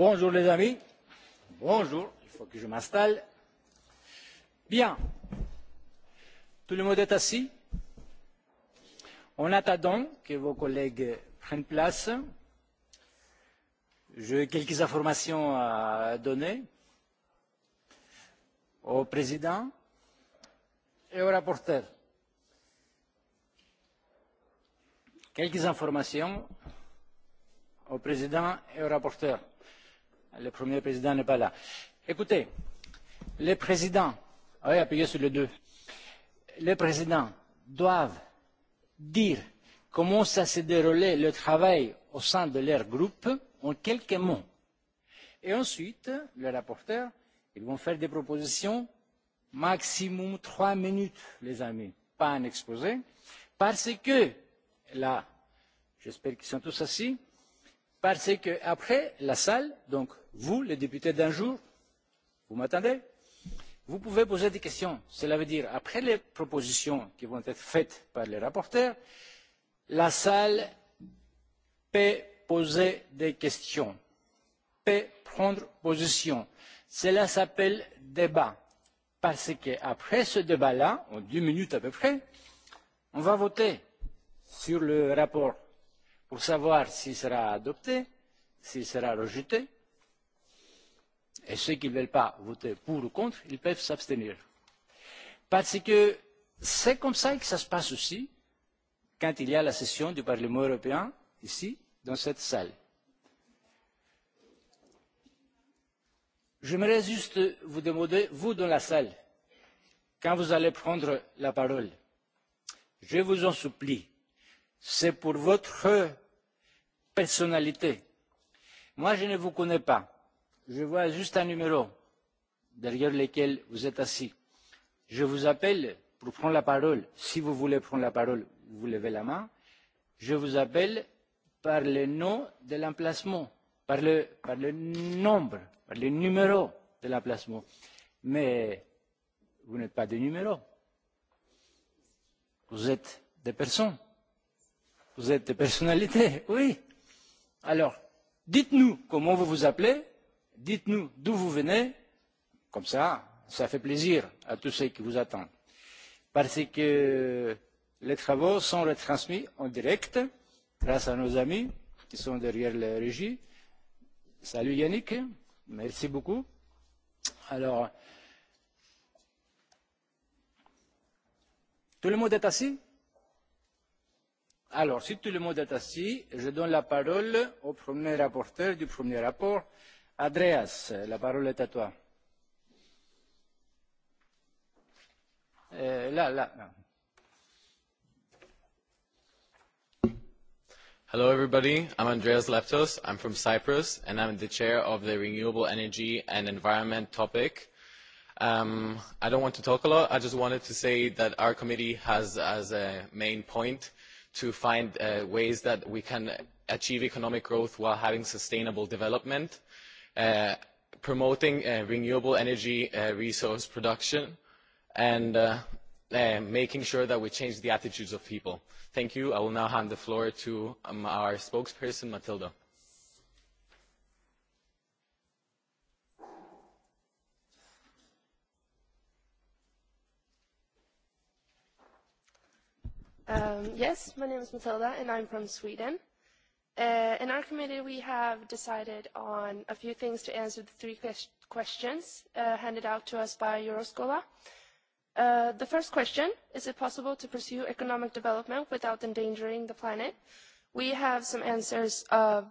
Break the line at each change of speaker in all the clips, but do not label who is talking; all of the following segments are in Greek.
Bonjour les amis. Bonjour, il faut que je m'installe. Bien. Tout le monde est assis. On attend donc que vos collègues prennent place, j'ai quelques informations à donner au président et au rapporteur. Quelques informations au président et au rapporteur le premier président n'est pas là. Écoutez, les présidents, oui, appuyez sur le deux les présidents doivent dire comment ça s'est déroulé le travail au sein de leur groupe en quelques mots. Et ensuite, les rapporteurs, ils vont faire des propositions maximum trois minutes, les amis, pas un exposé, parce que là, j'espère qu'ils sont tous assis, parce qu'après la salle donc vous les députés d'un jour vous m'attendez vous pouvez poser des questions. cela veut dire après les propositions qui vont être faites par les rapporteurs la salle peut poser des questions peut prendre position. cela s'appelle débat parce qu'après ce débat là en deux minutes à peu près on va voter sur le rapport pour savoir s'il sera adopté, s'il sera rejeté. Et ceux qui ne veulent pas voter pour ou contre, ils peuvent s'abstenir. Parce que c'est comme ça que ça se passe aussi quand il y a la session du Parlement européen, ici, dans cette salle. J'aimerais juste vous demander, vous dans la salle, quand vous allez prendre la parole, je vous en supplie, c'est pour votre personnalité. Moi, je ne vous connais pas. Je vois juste un numéro derrière lequel vous êtes assis. Je vous appelle pour prendre la parole. Si vous voulez prendre la parole, vous levez la main. Je vous appelle par le nom de l'emplacement, par le, par le nombre, par le numéro de l'emplacement. Mais vous n'êtes pas de numéro. Vous êtes des personnes. Vous êtes des personnalités, oui. Alors, dites-nous comment vous vous appelez, dites-nous d'où vous venez, comme ça, ça fait plaisir à tous ceux qui vous attendent. Parce que les travaux sont retransmis en direct grâce à nos amis qui sont derrière la régie. Salut Yannick, merci beaucoup. Alors, tout le monde est assis Alors, si tout le monde est assis, je donne la parole au premier rapporteur du premier rapport, Andreas. La parole est à toi. Euh, Là, là.
Hello, everybody. I'm Andreas Leptos. I'm from Cyprus, and I'm the chair of the Renewable Energy and Environment topic. Um, I don't want to talk a lot. I just wanted to say that our committee has as a main point to find ways that we can achieve economic growth while having sustainable development, promoting renewable energy resource production, and making sure that we change the attitudes of people. Thank you. I will now hand the floor to our spokesperson, Matilda.
Yes, my name is Matilda and I'm from Sweden. In our committee we have decided on a few things to answer the three questions handed out to us by Euroscola. The first question, is it possible to pursue economic development without endangering the planet? We have some answers of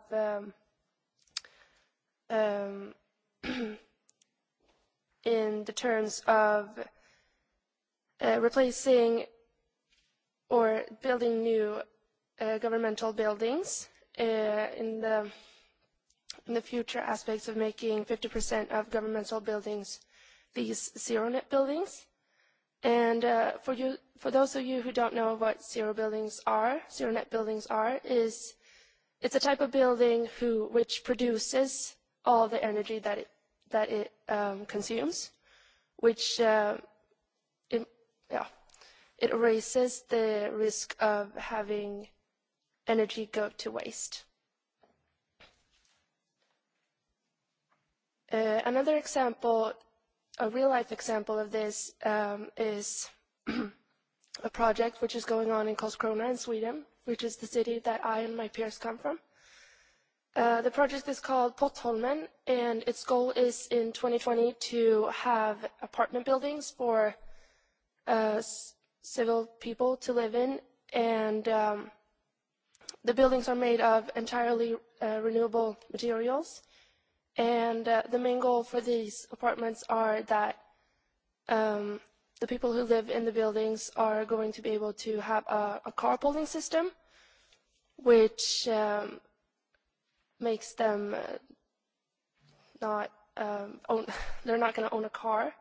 in the terms of replacing or building new governmental buildings in the in the future aspects of making 50% of governmental buildings these zero net buildings. And for you for those of you who don't know what zero buildings are, zero net buildings are is it's a type of building who which produces all the energy that it that it um consumes, which yeah it raises the risk of having energy go to waste. Another example, a real-life example of this is a project which is going on in Kolskrona in Sweden, which is the city that I and my peers come from. The project is called Potholmen, and its goal is in 2020 to have apartment buildings for civil people to live in, and the buildings are made of entirely renewable materials. And the main goal for these apartments are that the people who live in the buildings are going to be able to have a carpooling system, which makes them not own, they're not going to own a car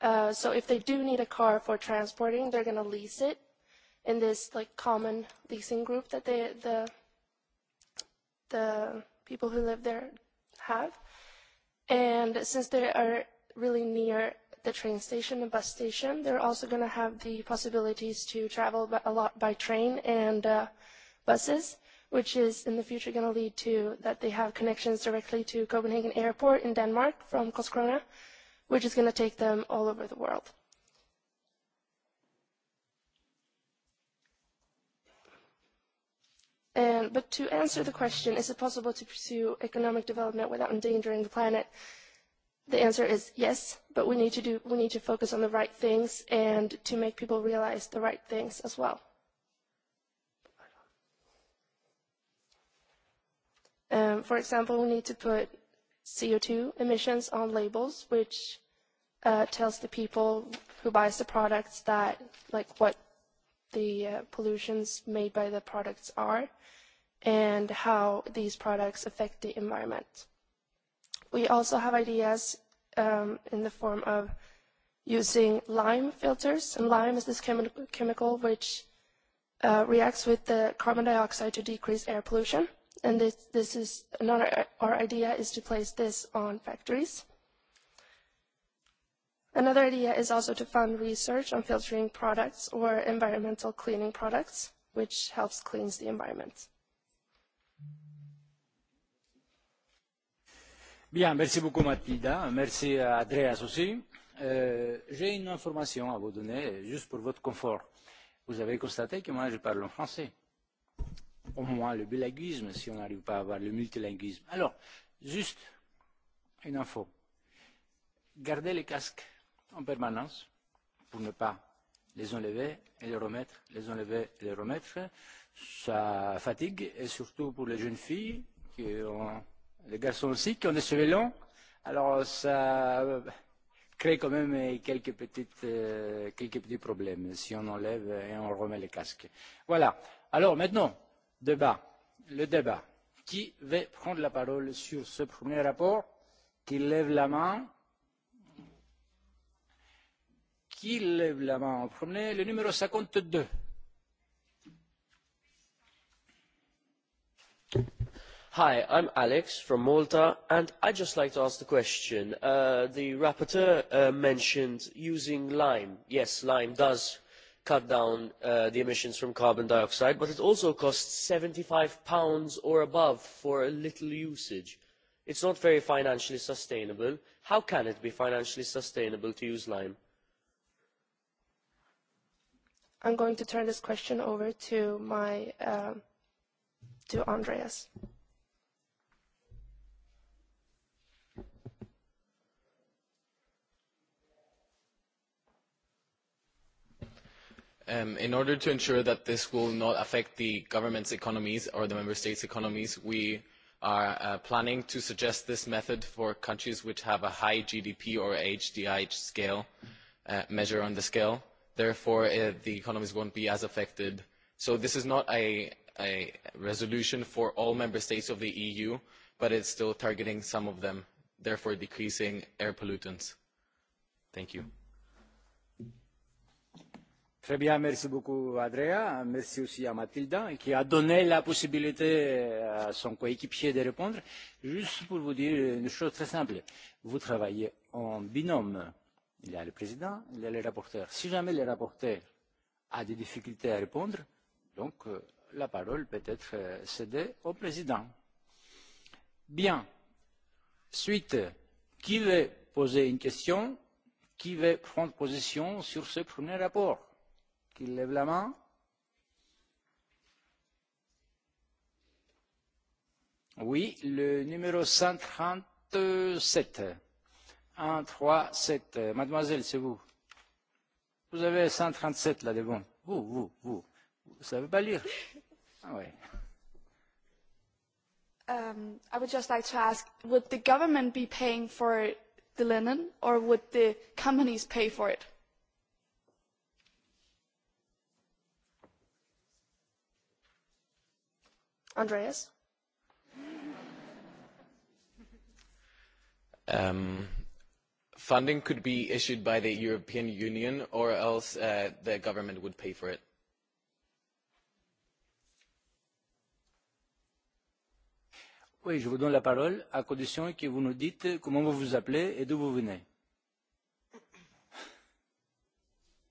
So if they do need a car for transporting, they're going to lease it in this like common leasing group that they the the people who live there have. And since they are really near the train station and bus station, they're also going to have the possibilities to travel a lot by train and buses, which is in the future going to lead to that they have connections directly to Copenhagen Airport in Denmark from Koskrona which is going to take them all over the world. But to answer the question, is it possible to pursue economic development without endangering the planet? The answer is yes, but we need to do we need to focus on the right things and to make people realize the right things as well. For example, we need to put CO2 emissions on labels, which tells the people who buys the products that like what the pollutions made by the products are and how these products affect the environment. We also have ideas in the form of using lime filters. And lime is this chemical which reacts with the carbon dioxide to decrease air pollution. And this is another, our idea is to place this on factories Another idea is also to fund research on filtering products or environmental cleaning products, which helps cleans the environment.
Bien, merci beaucoup Mathilda. Merci à Andreas aussi. J'ai une information à vous donner, juste pour votre confort. Vous avez constaté que moi je parle en français. Au moins le bilinguisme, si on n'arrive pas à avoir le multilinguisme. Alors, juste une info. Gardez les casques en permanence pour ne pas les enlever et les remettre, les enlever et les remettre. Ça fatigue, et surtout pour les jeunes filles, qui ont, les garçons aussi, qui ont des cheveux longs. Alors ça crée quand même quelques, petites, quelques petits problèmes si on enlève et on remet les casques. Voilà. Alors maintenant, débat. Le débat. Qui veut prendre la parole sur ce premier rapport Qui lève la main Qui lève la Le numéro 52.
Hi, I'm Alex from Malta, and I'd just like to ask the question. The rapporteur mentioned using lime. Yes, lime does cut down the emissions from carbon dioxide, but it also costs pounds or above for a little usage. It's not very financially sustainable. How can it be financially sustainable to use lime?
I'm going to turn this question over to my to Andreas.
In order to ensure that this will not affect the government's economies or the member states' economies, we are planning to suggest this method for countries which have a high GDP or HDI scale measure on the scale therefore the economies won't be as affected. So this is not a resolution for all member states of the EU, but it's still targeting some of them, therefore decreasing air pollutants. Thank you.
Très bien, merci beaucoup Andrea, merci aussi à Mathilda qui a donné la possibilité à son coéquipier de répondre. Juste pour vous dire une chose très simple, vous travaillez en binôme Il y a le président, il y a les rapporteurs. Si jamais le rapporteur a des difficultés à répondre, donc la parole peut être cédée au président. Bien. Suite. Qui veut poser une question Qui veut prendre position sur ce premier rapport Qui lève la main Oui, le numéro 137. 1, 3, 7. Mademoiselle, c'est vous. Vous avez 137 là devant. Vous, vous, vous. Vous ne savez pas lire Ah oui.
Um, I would just like to ask, would the government be paying for the linen or would the companies pay for it?
Andreas?
Um, funding could be issued by the European Union or else the government would pay for it. Oui,
je vous donne la parole
à condition que vous nous dites comment vous vous
appelez et d'où vous venez.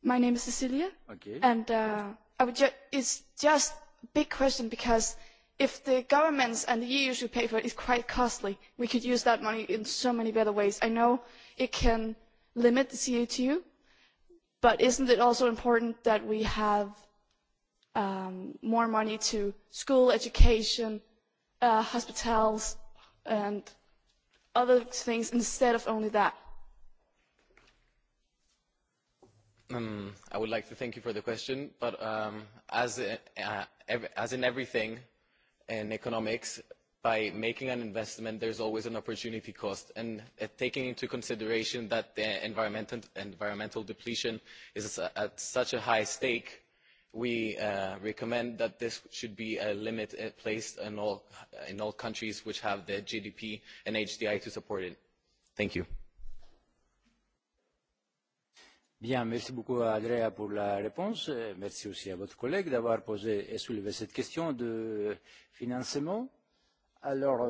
My name is
Cecilia. Okay. And uh, I would ju it's just a big question because if the governments and the EU should pay for it, it's quite costly. We could use that money in so many better ways. I know it can limit the CO2, but isn't it also important that we have more money to school education, hospitals, and other things instead of only that?
I would like to thank you for the question, but as in everything in economics, by making an investment, there's always an opportunity cost. And taking into consideration that the environmental depletion is at such a high stake, we recommend that this should be a limit placed in all countries which have the GDP and HDI to support it. Thank you.
Bien, merci beaucoup à Andrea pour la réponse. Merci aussi à votre collègue d'avoir posé et soulevé cette question de financement Alors,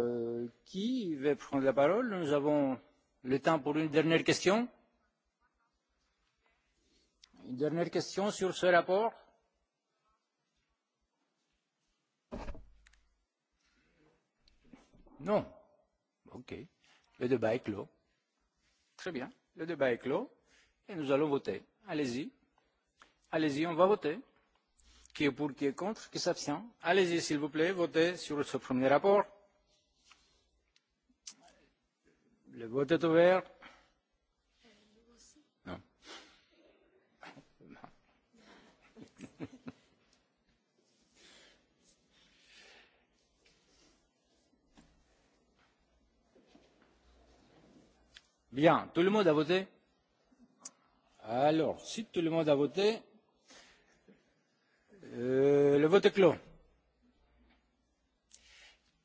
qui veut prendre la parole Nous avons le temps pour une dernière question. Une dernière question sur ce rapport Non Ok. Le débat est clos. Très bien. Le débat est clos et nous allons voter. Allez-y. Allez-y, on va voter. Qui est pour, qui est contre, qui s'abstient Allez-y, s'il vous plaît, votez sur ce premier rapport. Le vote est ouvert. Non. Bien, tout le monde a voté Alors, si tout le monde a voté, le vote est clos.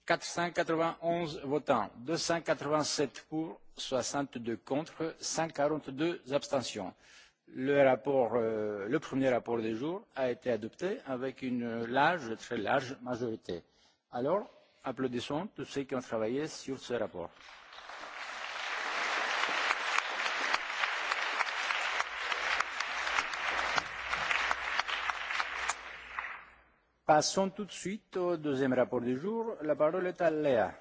491 votants, 287 pour, 62 contre, 142 abstentions. Le, rapport, le premier rapport du jour a été adopté avec une large, très large majorité. Alors, applaudissons tous ceux qui ont travaillé sur ce rapport. Passons tout de suite au deuxième rapport du jour. La parole est à Léa.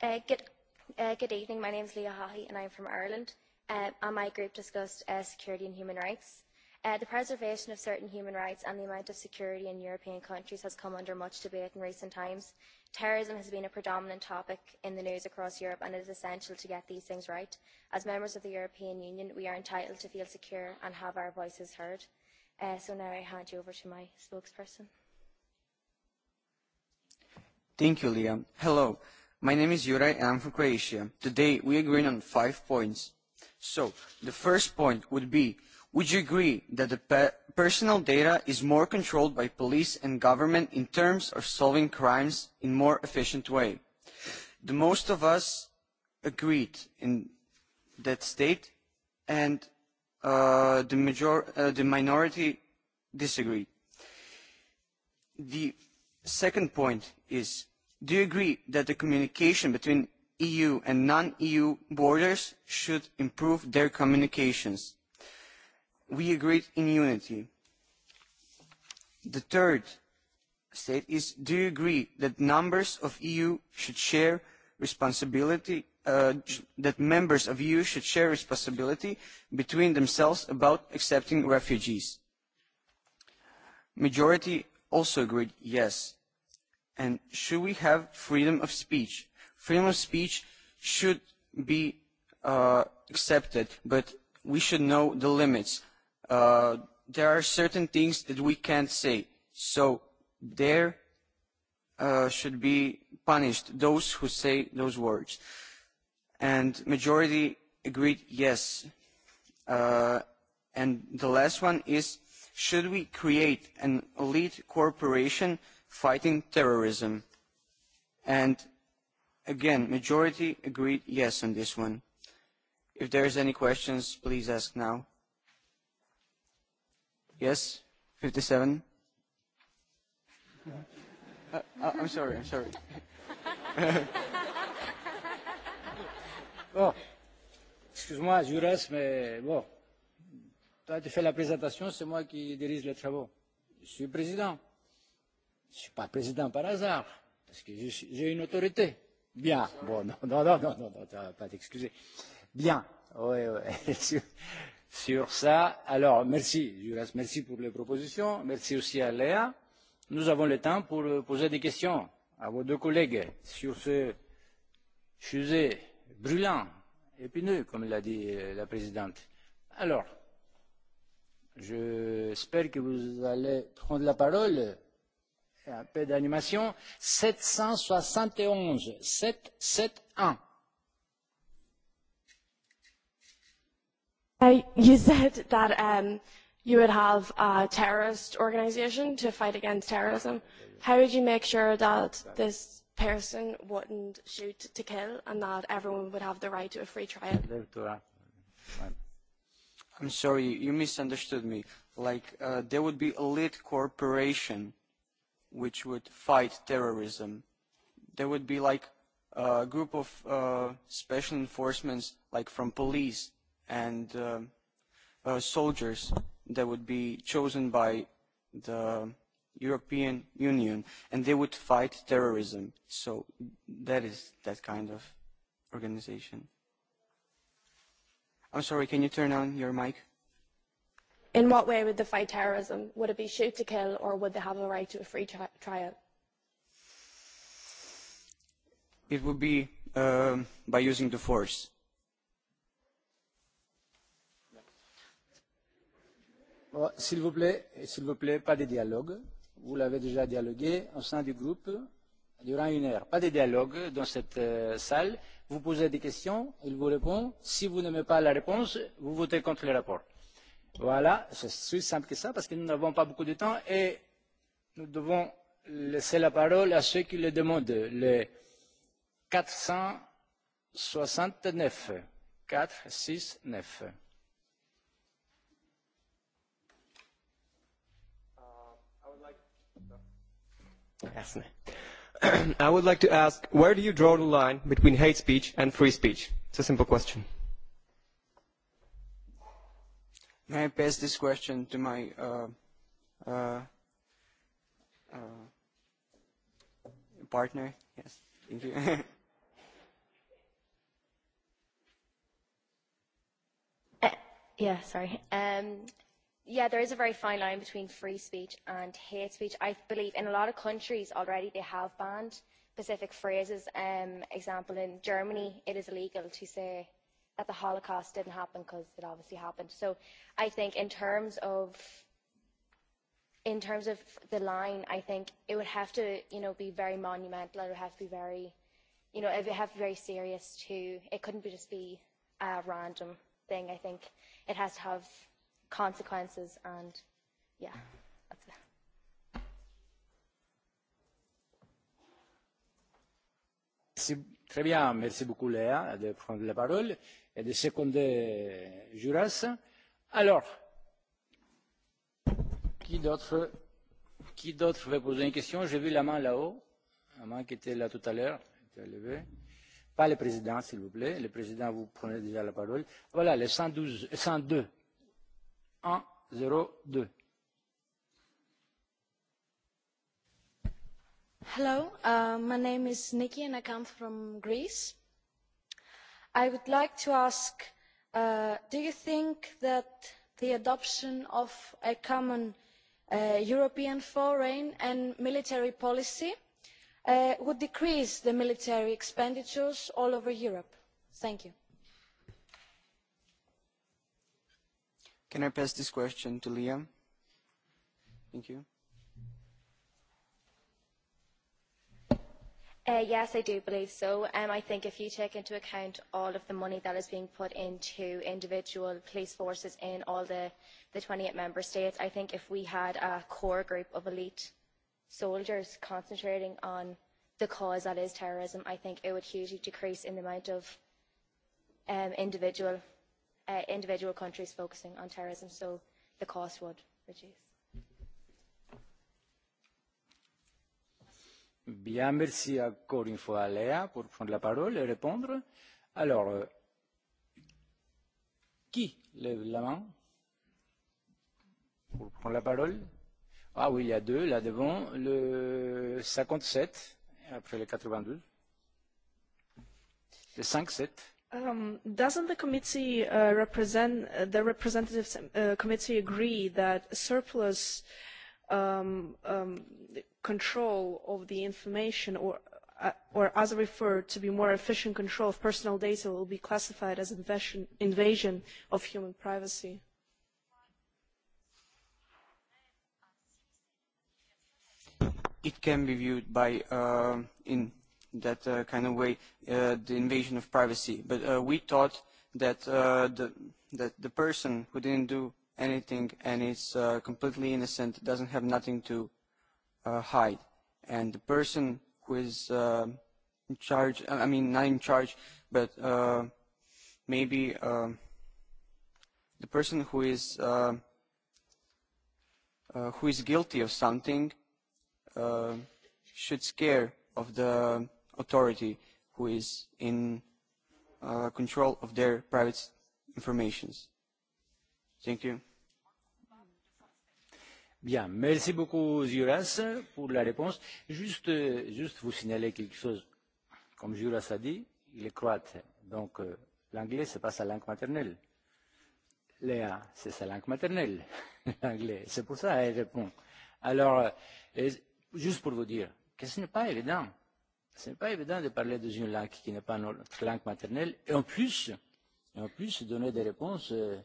Good evening. My name is Leah Haughey and I'm from Ireland. And my group discussed security and human rights. The preservation of certain human rights and the amount of security in European countries has come under much debate in recent times. Terrorism has been a predominant topic in the news across Europe and it is essential to get these things right. As members of the European Union, we are entitled to feel secure and have our voices heard. So now I hand you over to my spokesperson.
Thank you, Liam. Hello. My name is Juraj and I'm from Croatia. Today we agree on five points. So the first point would be Would you agree that the personal data is more controlled by police and government in terms of solving crimes in a more efficient way? The most of us agreed in that state and the major the minority disagreed. The second point is do you agree that the communication between EU and non EU borders should improve their communications? we agreed in unity. The third state is do you agree that numbers of EU should share responsibility that members of EU should share responsibility between themselves about accepting refugees? Majority also agreed yes. And should we have freedom of speech? Freedom of speech should be accepted, but we should know the limits there are certain things that we can't say. So there should be punished those who say those words. And majority agreed yes. And the last one is, should we create an elite corporation fighting terrorism? And again, majority agreed yes on this one. If there is any questions, please ask now. Yes? 57?
I'm
sorry, I'm sorry. Bon. Excuse-moi, Juras, mais bon. Toi, tu fais la présentation, c'est moi qui dirige les travaux. Je suis président. Je ne suis pas président par hasard, parce que j'ai une autorité. Bien. Bon, non, non, non, non, non, tu n'as pas t'excuser. Bien. Oui, oui sur ça. Alors, merci, Juras, merci pour les propositions. Merci aussi à Léa. Nous avons le temps pour poser des questions à vos deux collègues sur ce sujet brûlant, épineux, comme l'a dit la présidente. Alors, j'espère que vous allez prendre la parole. Un peu d'animation. 771. 771. You said that you would
have a terrorist organisation to fight against terrorism. How would you make sure that
this
person wouldn't shoot to kill and that everyone would have the right to a free
trial? I'm sorry, you misunderstood me. Like, there would be a lit corporation which would fight terrorism. There would be like a group of special enforcements, like from police and soldiers that would be chosen by the European Union, and they would fight terrorism. So that is that kind of organization. I'm sorry, can you turn on your mic?
In what way would they fight terrorism? Would it be shoot to kill, or would they have a right to a free trial?
It would be by using the force
S'il vous plaît, s'il vous plaît, pas de dialogue. Vous l'avez déjà dialogué au sein du groupe durant une heure. Pas de dialogue dans cette salle. Vous posez des questions, il vous répond. Si vous n'aimez pas la réponse, vous votez contre le rapport. Voilà, c'est aussi simple que ça, parce que nous n'avons pas beaucoup de temps et nous devons laisser la parole à ceux qui le demandent. Les 469. 4, 6, 9.
I would like to ask, where do you draw the line between hate speech and free speech? It's a simple question. May I pass this question to my uh, uh, uh, partner? Yes, thank you.
yeah, sorry. Um, yeah, there is a very fine line between free speech and hate speech. I believe in a lot of countries already they have banned specific phrases. Um, example, in Germany, it is illegal to say that the Holocaust didn't happen because it obviously happened. So I think in terms of in terms of the line, I think it would have to, you know, be very monumental. It would have to be very, you know, it would have to be very serious too. It couldn't be just be a random thing. I think it has to have consequences and yeah that's
it Très bien, merci beaucoup Léa de prendre la parole et de seconder Juras. Alors, qui d'autre veut poser une question J'ai vu la main là-haut, la main qui était là tout à l'heure, Pas le président, s'il vous plaît. Le président, vous prenez déjà la parole. Voilà, le 112, 102, 102. Hello,
my name is Nikki and I come from Greece. I would like to
ask, do you think that the adoption of a common European foreign and military policy would decrease the military expenditures all over Europe? Thank you.
Can I pass this question to Liam? Thank you.
Yes, I do believe so. I think if you take into account all of the money that is being put into individual police forces in all the 28 member states, I think if we had a core group of elite soldiers concentrating on the cause that is terrorism, I think it would hugely decrease in the amount of individual individual countries focusing on terrorism, so the cost would reduce.
Bien, merci encore une fois à Léa pour prendre la parole et répondre. Alors, qui lève la main pour prendre la parole Ah oui, il y a deux là devant, le 57 après le 92. Le 5
Doesn't the committee represent the representative committee agree that surplus control of the information or or as referred to be more efficient control of personal data will be classified as invasion of human privacy?
It can be viewed by in that kind of way the invasion of privacy. But we thought that the that the person who didn't do anything and is completely innocent doesn't have nothing to hide. And the person who is in charge, I mean not in charge, but maybe the person who is who is guilty of something should scare of the authority who is in control of their
private informations. Thank you. Bien, merci beaucoup Juras pour la réponse. Juste, juste vous signaler quelque chose. Comme Juras a dit, il est croate, donc l'anglais c'est pas sa langue maternelle. Léa, c'est sa langue maternelle, l'anglais. C'est pour ça qu'elle répond. Alors, juste pour vous dire que ce n'est pas évident Ce n'est pas évident de parler dans une langue qui n'est pas notre langue maternelle et en plus, et en plus donner des réponses euh,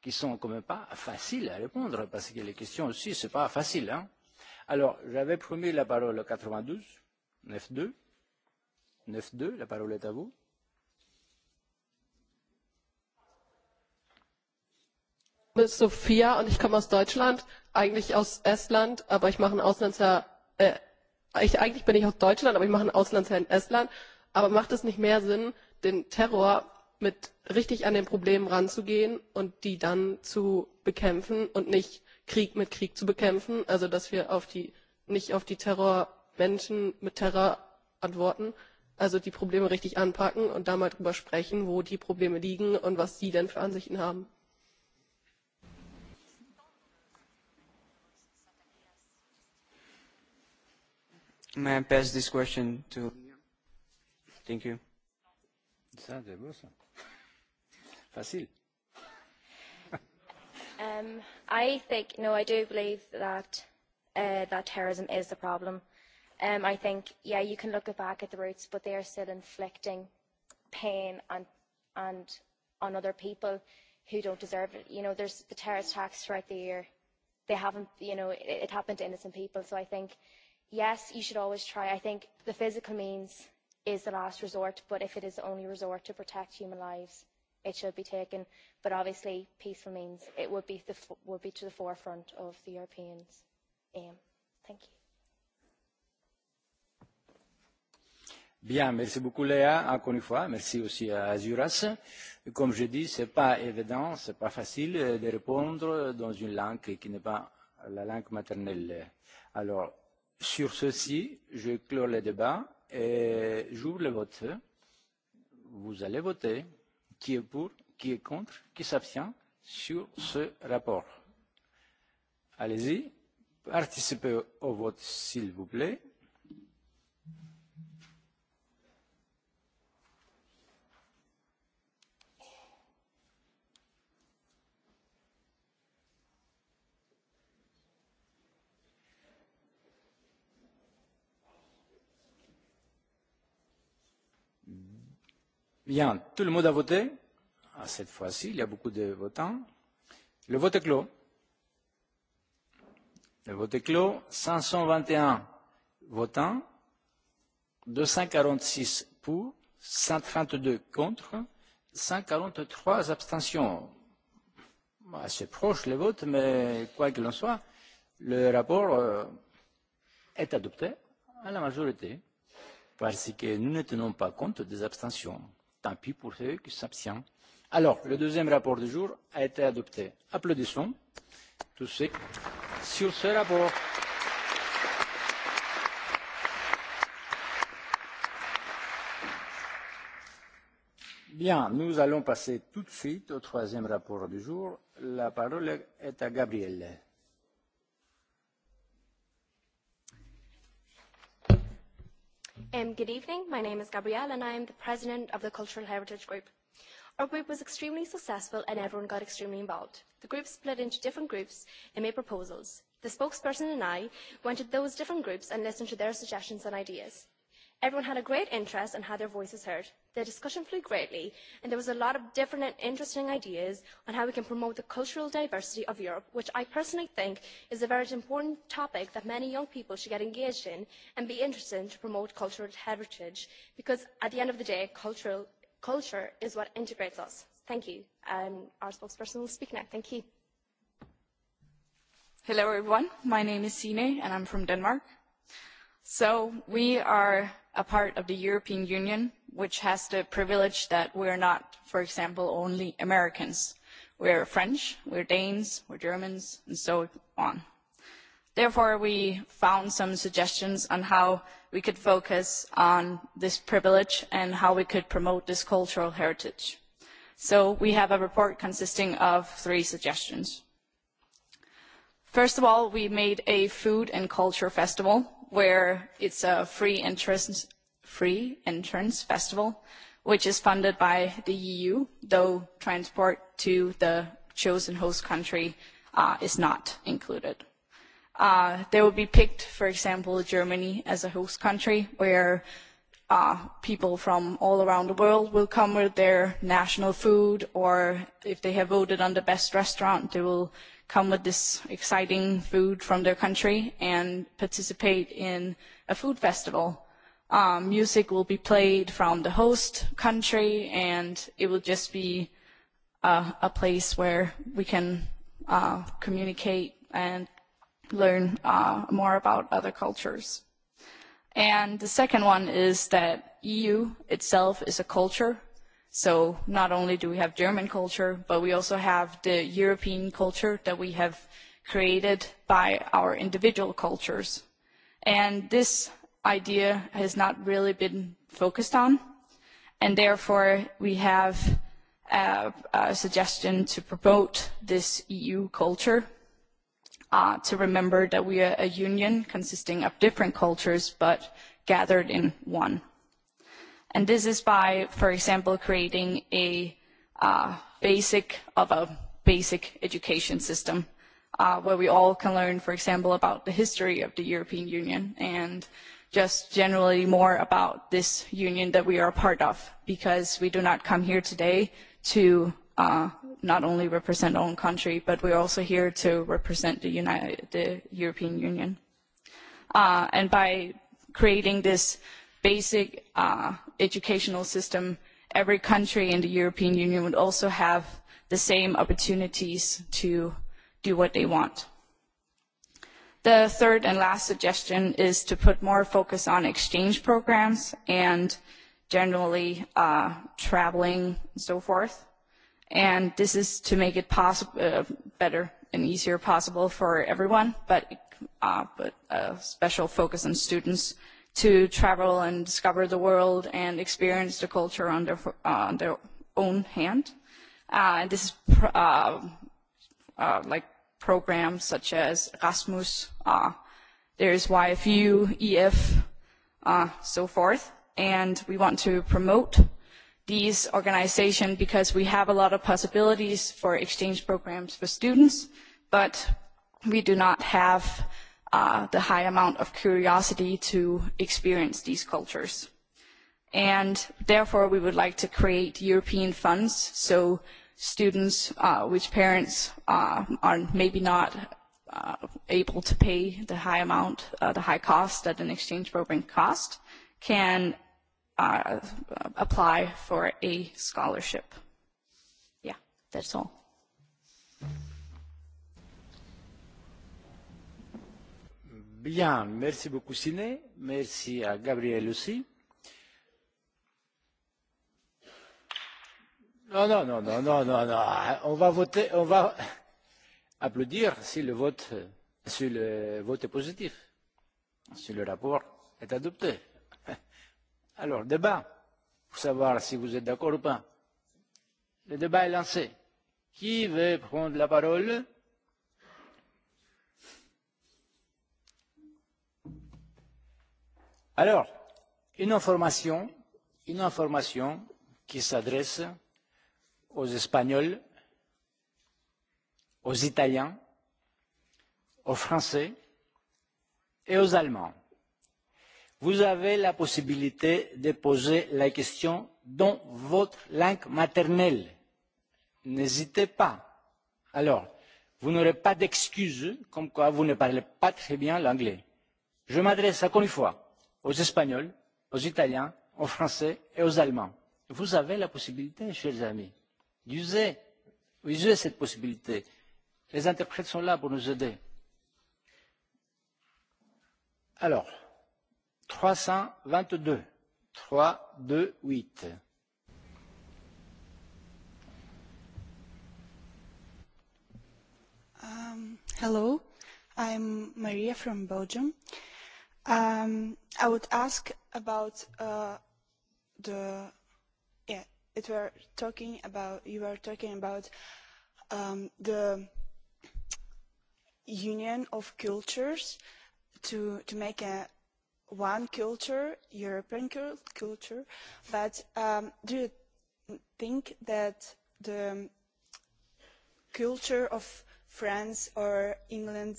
qui sont quand même pas faciles à répondre parce que les questions aussi, ce n'est pas facile. Hein. Alors, j'avais promis la parole au 92, 9-2, la parole est à vous.
Sophia und ich
komme aus Deutschland, eigentlich aus Estland, aber ich mache ein Auslandsjahr ich, eigentlich bin ich aus Deutschland, aber ich mache ein Auslandsherr in Estland. Aber macht es nicht mehr Sinn, den Terror mit richtig an den Problemen ranzugehen und die dann zu bekämpfen und nicht Krieg mit Krieg zu bekämpfen? Also dass wir auf die, nicht auf die Terrormenschen mit Terror antworten, also die Probleme richtig anpacken und da mal drüber sprechen, wo die Probleme liegen und was sie denn für Ansichten haben.
May I pass this question to... Thank you.
c'est Facile.
Um, I think, no, I do believe that, uh, that terrorism is the problem. Um, I think, yeah, you can look back at the roots, but they are still inflicting pain and, and on other people who don't deserve it. You know, there's the terrorist attacks throughout the year. They haven't, you know, it, it happened to innocent people. So I think yes, you should always try. I think the physical means is the last resort, but if it is the only resort to protect human lives, it should be taken. But obviously, peaceful means it would be, the, would be to the forefront of the Europeans' aim. Thank you.
Bien, merci beaucoup Léa, encore une fois, merci aussi à Azuras. Comme je dis, ce n'est pas évident, ce n'est pas facile de répondre dans une langue qui n'est pas la langue maternelle. Alors, Sur ceci, je clore le débat et j'ouvre le vote. Vous allez voter qui est pour, qui est contre, qui s'abstient sur ce rapport. Allez-y, participez au vote s'il vous plaît. Bien, tout le monde a voté. Cette fois-ci, il y a beaucoup de votants. Le vote est clos. Le vote est clos. 521 votants, 246 pour, 132 contre, 143 abstentions. Assez proche le vote, mais quoi qu'il en soit, le rapport est adopté à la majorité, parce que nous ne tenons pas compte des abstentions tant pis pour ceux qui s'abstiennent. Alors, le deuxième rapport du jour a été adopté. Applaudissons tous ceux sur ce rapport. Bien, nous allons passer tout de suite au troisième rapport du jour. La parole est à Gabrielle.
Good evening. My name is Gabrielle and I am the president of the Cultural Heritage Group. Our group was extremely successful and everyone got extremely involved. The group split into different groups and made proposals. The spokesperson and I went to those different groups and listened to their suggestions and ideas. Everyone had a great interest and had their voices heard. The discussion flew greatly, and there was a lot of different and interesting ideas on how we can promote the cultural diversity of Europe, which I personally think is a very important topic that many young people should get engaged in and be interested in to promote cultural heritage, because at the end of the day, culture is what integrates us. Thank you. Our spokesperson will speak now. Thank you.
Hello, everyone. My name is Sine, and I'm from Denmark. So we are a part of the European Union which has the privilege that we are not, for example, only Americans. We are French, we are Danes, we are Germans, and so on. Therefore, we found some suggestions on how we could focus on this privilege and how we could promote this cultural heritage. So we have a report consisting of three suggestions. First of all, we made a food and culture festival where it's a free entrance free entrance festival, which is funded by the EU, though transport to the chosen host country is not included. They will be picked, for example, Germany as a host country, where people from all around the world will come with their national food, or if they have voted on the best restaurant, they will come with this exciting food from their country and participate in a food festival. Music will be played from the host country and it will just be a place where we can communicate and learn more about other cultures. And the second one is that EU itself is a culture So not only do we have German culture, but we also have the European culture that we have created by our individual cultures. And this idea has not really been focused on, and therefore we have a suggestion to promote this EU culture, to remember that we are a union consisting of different cultures but gathered in one and this is by for example creating a basic of a basic education system where we all can learn for example about the history of the European Union and just generally more about this union that we are a part of because we do not come here today to not only represent our own country but we're also here to represent the United the European Union and by creating this basic educational system, every country in the European Union would also have the same opportunities to do what they want. The third and last suggestion is to put more focus on exchange programs and generally traveling and so forth. And this is to make it better and easier possible for everyone, but a special focus on students to travel and discover the world and experience the culture on their, their own hand. and this is like programs such as Erasmus, uh, there's YFU, EF, uh, so forth. And we want to promote these organizations because we have a lot of possibilities for exchange programs for students, but we do not have the high amount of curiosity to experience these cultures. And therefore, we would like to create European funds so students which parents are maybe not able to pay the high amount, the high cost that an exchange program cost, can apply for a scholarship. Yeah, that's all.
Bien, merci beaucoup Siné, merci à Gabriel aussi. Non, non, non, non, non, non, non. On va voter, on va applaudir si le vote, si le vote est positif, si le rapport est adopté. Alors, débat, pour savoir si vous êtes d'accord ou pas. Le débat est lancé. Qui veut prendre la parole? Alors, une information, une information qui s'adresse aux Espagnols, aux Italiens, aux Français et aux Allemands. Vous avez la possibilité de poser la question dans votre langue maternelle. N'hésitez pas. Alors, vous n'aurez pas d'excuses comme quoi vous ne parlez pas très bien l'anglais. Je m'adresse encore une fois aux Espagnols, aux Italiens, aux Français et aux Allemands. Vous avez la possibilité, chers amis, d'user cette possibilité. Les interprètes sont là pour nous aider. Alors, 322. 3, 2, 8.
Um,
hello, I'm Maria from Belgium I would ask about the yeah, it were
talking about you were talking about the union of cultures to to make a one culture, European culture, but do you think that the culture of France or England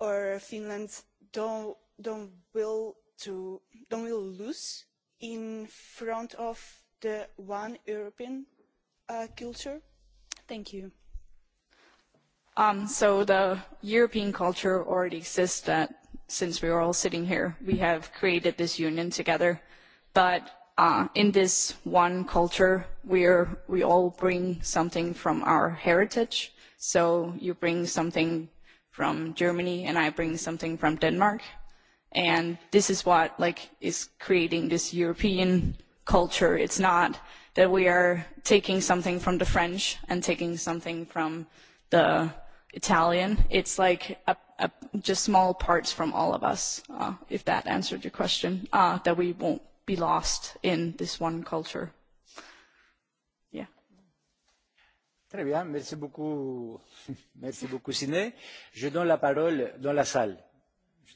or Finland don't don't will to don't will lose in front of the one European culture? Thank you. Um So the European culture already exists that since we are all sitting here, we have created this union together. But in this one culture, we we all bring something from our heritage. So you bring something from Germany and I bring something from Denmark and this is what like is creating this european culture it's not that we are taking something from the french and taking something from the italian it's like just small parts from all of us if that answered your question that we won't be lost in this one culture
très bien merci beaucoup merci beaucoup Siné. je donne la parole dans la salle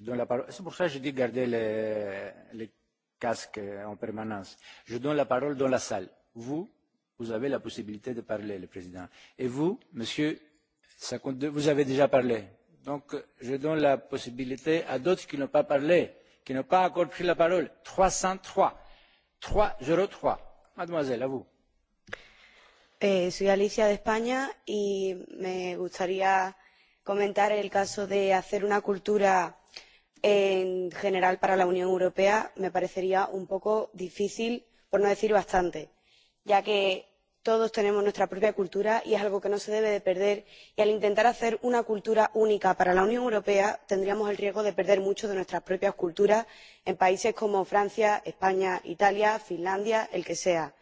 Je donne la parole. C'est pour ça que je dis garder les, les casques en permanence. Je donne la parole dans la salle. Vous, vous avez la possibilité de parler, le président. Et vous, monsieur vous avez déjà parlé. Donc, je donne la possibilité à d'autres qui n'ont pas parlé, qui n'ont pas encore pris la parole. 303. 303. Mademoiselle, à vous.
Eh, soy Alicia de España y me gustaría comentar el caso de hacer una cultura en general para la Unión Europea me parecería un poco difícil, por no decir bastante, ya que todos tenemos nuestra propia cultura y es algo que no se debe de perder y al intentar hacer una cultura única para la Unión Europea tendríamos el riesgo de perder mucho de nuestras propias culturas en países como Francia, España, Italia, Finlandia, el que sea.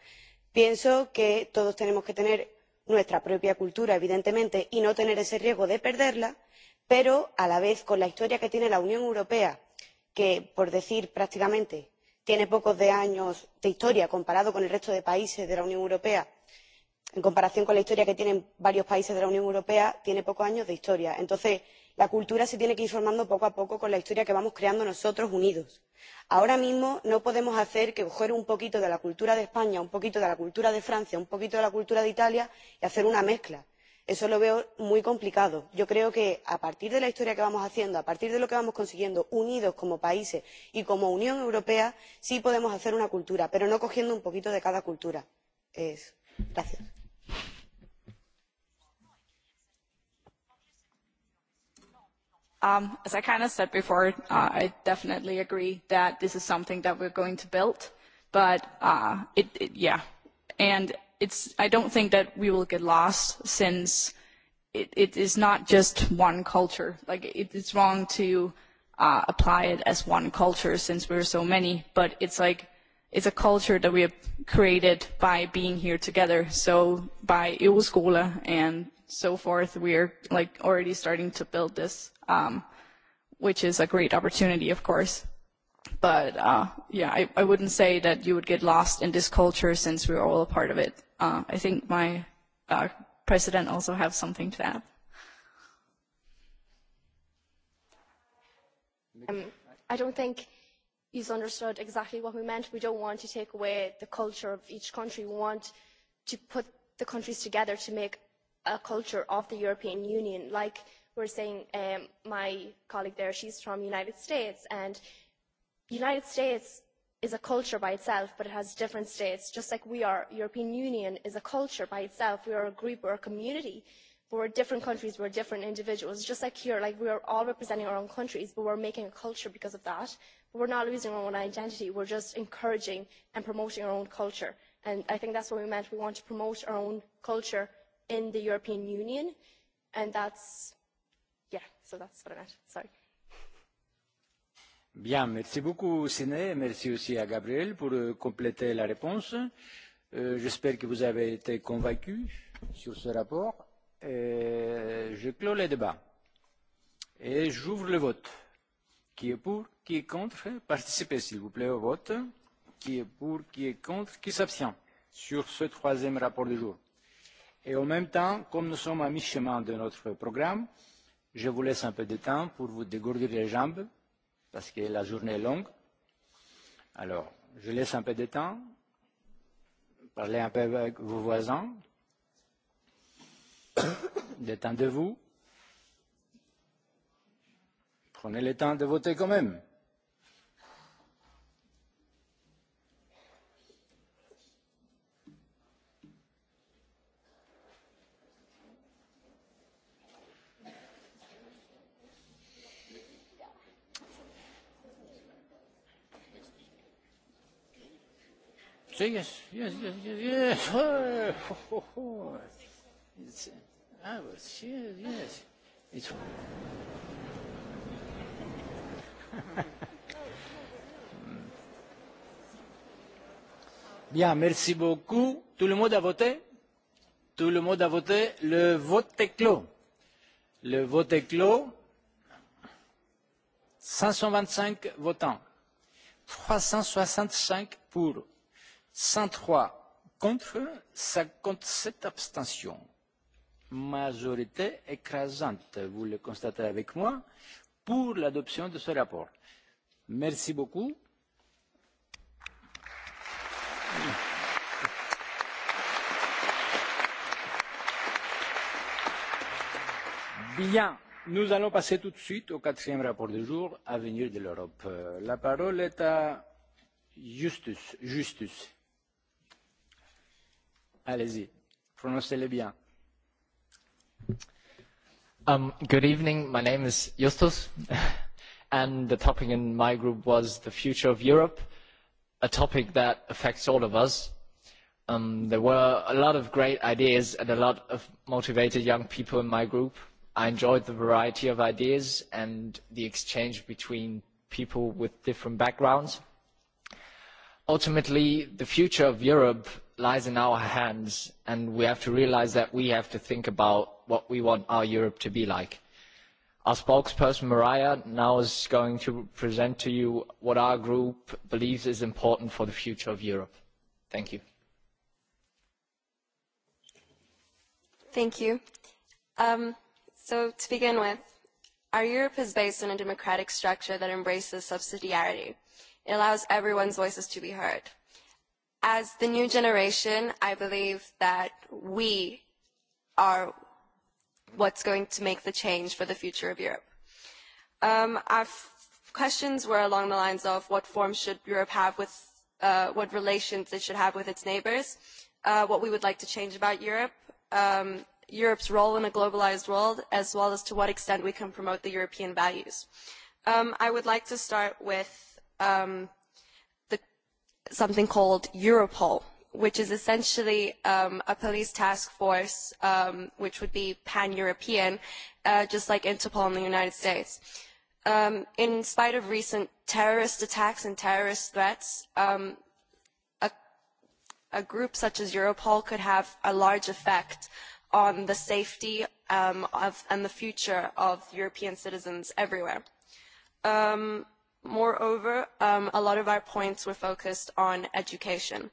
Pienso que todos tenemos que tener nuestra propia cultura, evidentemente, y no tener ese riesgo de perderla, pero a la vez con la historia que tiene la unión europea que por decir prácticamente tiene pocos años de historia comparado con el resto de países de la unión europea en comparación con la historia que tienen varios países de la unión europea tiene pocos años de historia. entonces la cultura se tiene que ir formando poco a poco con la historia que vamos creando nosotros unidos. ahora mismo no podemos hacer que coger un poquito de la cultura de españa un poquito de la cultura de francia un poquito de la cultura de italia y hacer una mezcla eso lo veo muy complicado. yo creo que a partir de la historia que vamos haciendo a partir de lo que vamos consiguiendo unidos como países y como unión europea sí podemos hacer una cultura pero no cogiendo un poquito de cada cultura
it's I don't think that we will get lost since it, is not just one culture. Like it, it's wrong to apply it as one culture since we're so many, but it's like it's a culture that we have created by being here together. So by Euskola and so forth, we are like already starting to build this, which is a great opportunity, of course. But yeah, I I wouldn't say that you would get lost in this culture since we're all a part of it. I think my president also has something to add.
I don't think he's understood exactly what we meant. We don't want to take away the culture of each country. We want to put the countries together to make a culture of the European Union. Like we're saying, my colleague there, she's from the United States, and the united states is a culture by itself but it has different states just like we are the european union is a culture by itself we are a group or a community but we're different countries we're different individuals just like here like we are all representing our own countries but we're making a culture because of that but we're not losing our own identity we're just encouraging and promoting our own culture and i think that's what we meant we want to promote our own culture in the european union and that's yeah so that's what i meant sorry
Bien, merci beaucoup Siné, merci aussi à Gabriel pour compléter la réponse. J'espère que vous avez été convaincus sur ce rapport. et Je clôt le débat et j'ouvre le vote. Qui est pour, qui est contre Participez s'il vous plaît au vote. Qui est pour, qui est contre, qui s'abstient sur ce troisième rapport du jour. Et en même temps, comme nous sommes à mi-chemin de notre programme, je vous laisse un peu de temps pour vous dégourdir les jambes parce que la journée est longue. Alors, je laisse un peu de temps. Parlez un peu avec vos voisins. Détendez-vous. Prenez le temps de voter quand même. say yes, yes, yes, yes, yes. Oh, oh, It's, I yes, yes. Bien, merci beaucoup. Tout le monde a voté Tout le monde a voté. Le vote est clos. Le vote est clos. 525 votants. 365 pour, 103 contre, 57 abstentions. Majorité écrasante, vous le constatez avec moi, pour l'adoption de ce rapport. Merci beaucoup. Bien, nous allons passer tout de suite au quatrième rapport du jour, Avenir de l'Europe. La parole est à Justus. Justus. Allez-y,
prononcez Um, good evening, my name is Justus, and the topic in my group was the future of Europe, a topic that affects all of us. Um, there were a lot of great ideas and a lot of motivated young people in my group. I enjoyed the variety of ideas and the exchange between people with different backgrounds. Ultimately, the future of Europe lies in our hands and we have to realise that we have to think about what we want our Europe to be like. Our spokesperson Mariah now is going to present to you what our group believes is important for the future of Europe. Thank you.
Thank you. So to begin with, our Europe is based on a democratic structure that embraces subsidiarity. It allows everyone's voices to be heard. As the new generation, I believe that we are what's going to make the change for the future of Europe. Our questions were along the lines of what form should Europe have with, what relations it should have with its neighbours, what we would like to change about Europe, Europe's role in a globalized world, as well as to what extent we can promote the European values. I would like to start with something called Europol, which is essentially a police task force which would be pan-European, just like Interpol in the United States. In spite of recent terrorist attacks and terrorist threats, a group such as Europol could have a large effect on the safety and the future of European citizens everywhere. Moreover, a lot of our points were focused on education.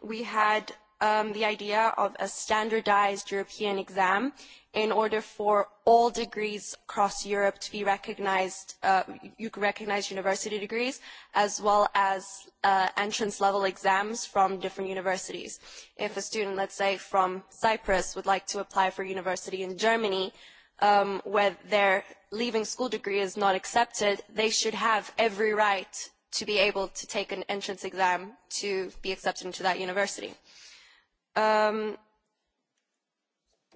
We had the idea of a standardized European exam in order for all degrees across Europe to be recognized, you could recognize university degrees as well as entrance level exams from different universities. If a student, let's say from Cyprus, would like to apply for university in Germany, where their leaving school degree is not accepted, they should have every right to be able to take an entrance exam to be accepted into that university.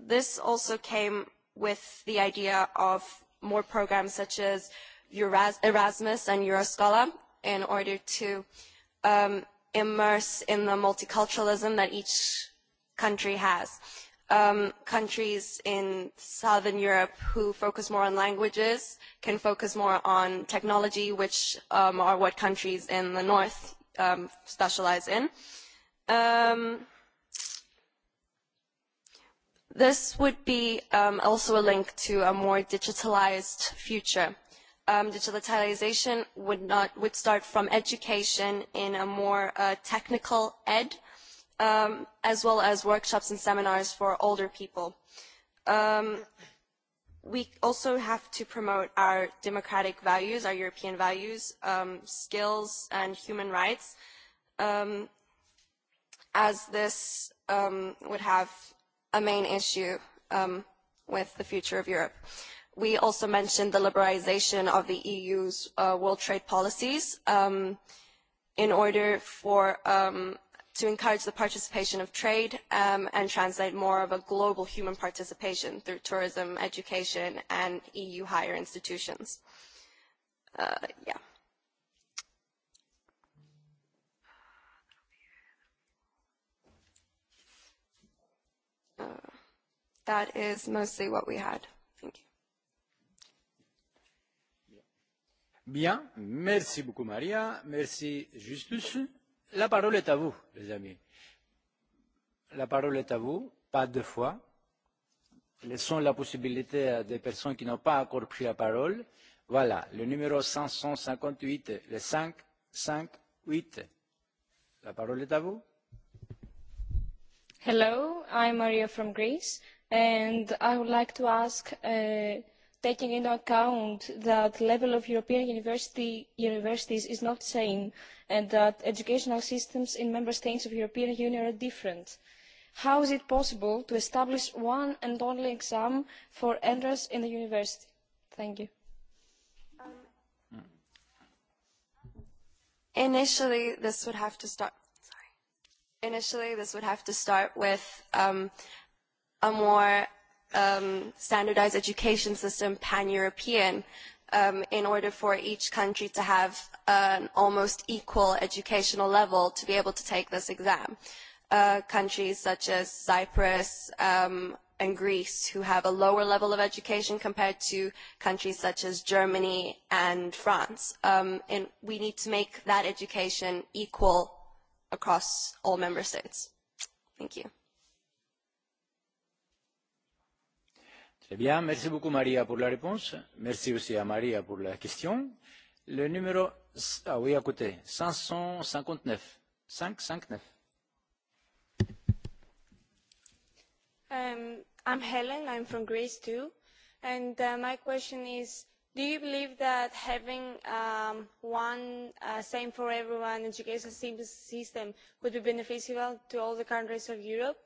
This also came with the idea of more programs such as Erasmus and Euroscola in order to immerse in the multiculturalism that each country has countries in southern Europe who focus more on languages can focus more on technology, which are what countries in the north specialize in. This would be also a link to a more digitalized future. Digitalization would start from education in a more technical ed um as well as workshops and seminars for older people. We also have to promote our democratic values, our European values, skills and human rights, as this would have a main issue with the future of Europe. We also mentioned the liberalization of the EU's world trade policies in order for um to encourage the participation of trade and translate more of a global human participation through tourism, education, and EU higher institutions. Yeah. That is mostly what we had. Thank you.
Bien, merci beaucoup Maria, merci Justus. La parole est à vous, les amis. La parole est à vous, pas deux fois. Laissons la possibilité à des personnes qui n'ont pas encore pris la parole. Voilà, le numéro 558, le 5, 5, 8. La parole est à vous.
Hello, I'm Maria from Greece, and I would like to ask... Uh, taking into account that the level of European universities is not the same and that educational systems in member states of the European Union are different. How is it possible to establish one and only exam for entrance in the university?
Thank you. Initially, this would have to start. Sorry. Initially, this would have to start with a more standardized education system pan-European in order for each country to have an almost equal educational level to be able to take this exam. Countries such as Cyprus and Greece who have a lower level of education compared to countries such as Germany and France. And we need to make that education equal across all member states. Thank you.
Eh bien, merci beaucoup Maria pour la réponse. Merci aussi à Maria pour la question. Le numéro, ah oui, à côté, 559. 559.
Um, I'm Helen, I'm from Greece too. And uh, my question is, do you believe that having um, one uh, same for everyone education system would be beneficial to all the countries of Europe?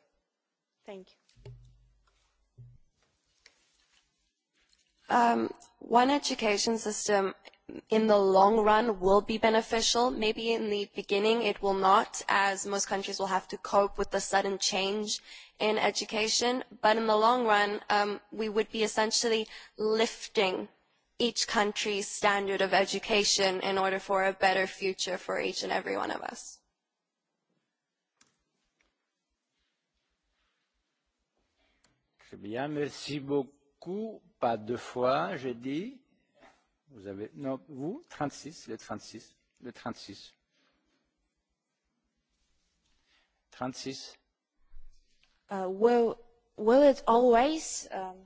Thank you.
one education system in the long run will be beneficial. Maybe in the beginning it will not, as most countries will have to cope with the sudden change in education. But in the long run, we would be essentially lifting each country's standard of education in order for a better future for each and every one of us
pas deux fois, j'ai dit. Vous avez. Non, vous, 36, le 36. Le 36. 36.
Uh, will, will it always. Um,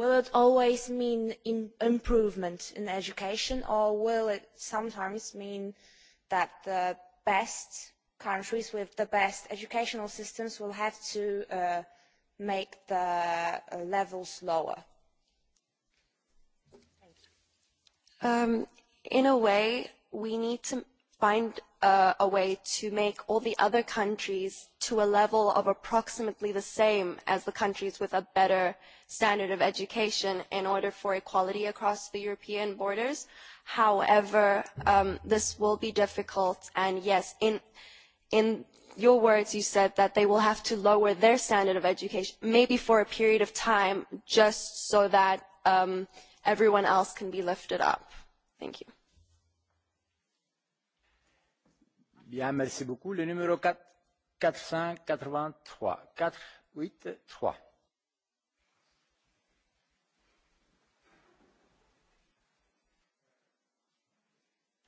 Will it always mean
improvement in education, or will it sometimes mean that
the best countries with the best educational systems will have to make the levels lower?
in a way, we need to find a way to make all the other countries to a level of approximately the same as the countries with a better standard of education in order for equality across the European borders. However, this will be difficult, and yes, in in your words, you said that they will have to lower their standard of education, maybe for a period of time, just so that everyone else can be lifted up. Thank you.
Bien, merci beaucoup. Le numéro 4, 483. 483.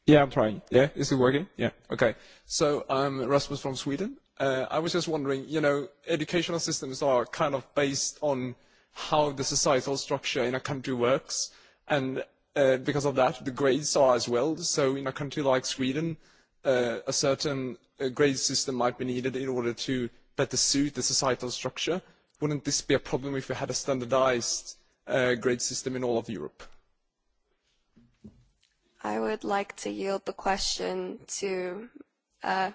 Yeah, I'm trying. Yeah, is it working? Yeah, okay. So I'm Rasmus from Sweden. Uh, I was just wondering, you know, educational systems are kind of based on how the societal structure in a country works, and because of that, the grades are as well. So in a country like Sweden, a certain grade system might be needed in order to better suit the societal structure. Wouldn't this be a problem if we had a standardized grade system in all of Europe?
I would like to yield the question to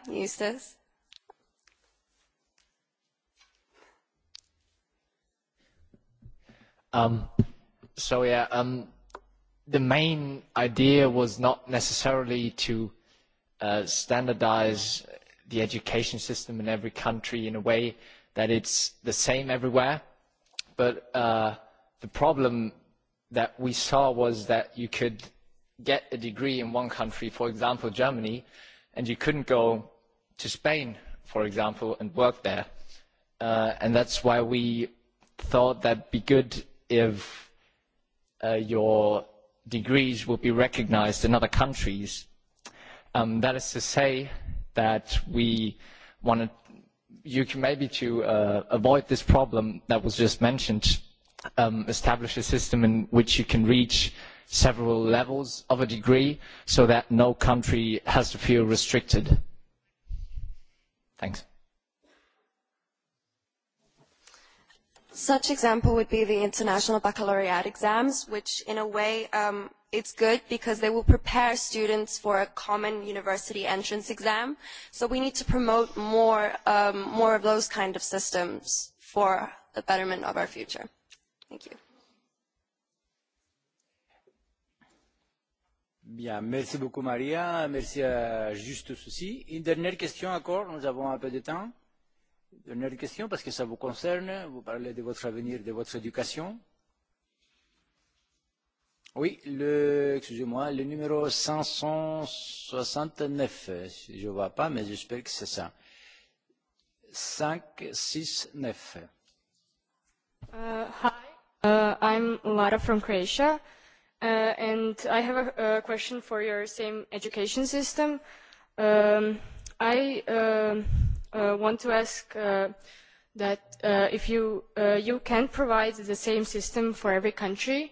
Eustace.
So yeah, um the main idea was not necessarily to standardize the education system in every country in a way that it's the same everywhere, but uh the problem that we saw was that you could get a degree in one country, for example Germany, and you couldn't go to Spain, for example, and work there, Uh and that's why we thought that be good if your degrees will be recognized in other countries. That is to say that we wanted you can maybe to avoid this problem that was just mentioned, establish a system in which you can reach several levels of a degree so that no country has to feel restricted. Thanks.
Such example would be the international baccalaureate exams, which in a way it's good because they will prepare students for a common university entrance exam. So we need to promote more more of those kind of systems for the betterment of our future. Thank you.
Bien, merci beaucoup Maria, merci à Juste Souci. Une dernière question encore, nous avons un peu de temps dernière question, parce que ça vous concerne. Vous parlez de votre avenir, de votre éducation. Oui, le, excusez-moi, le numéro 569, je ne vois pas, mais j'espère que c'est ça. 569.
Uh, hi, uh, I'm Lara from Croatia, uh, and I have a, a question for your same education system. Um, I... Uh, want to ask that if you you can provide the same system for every country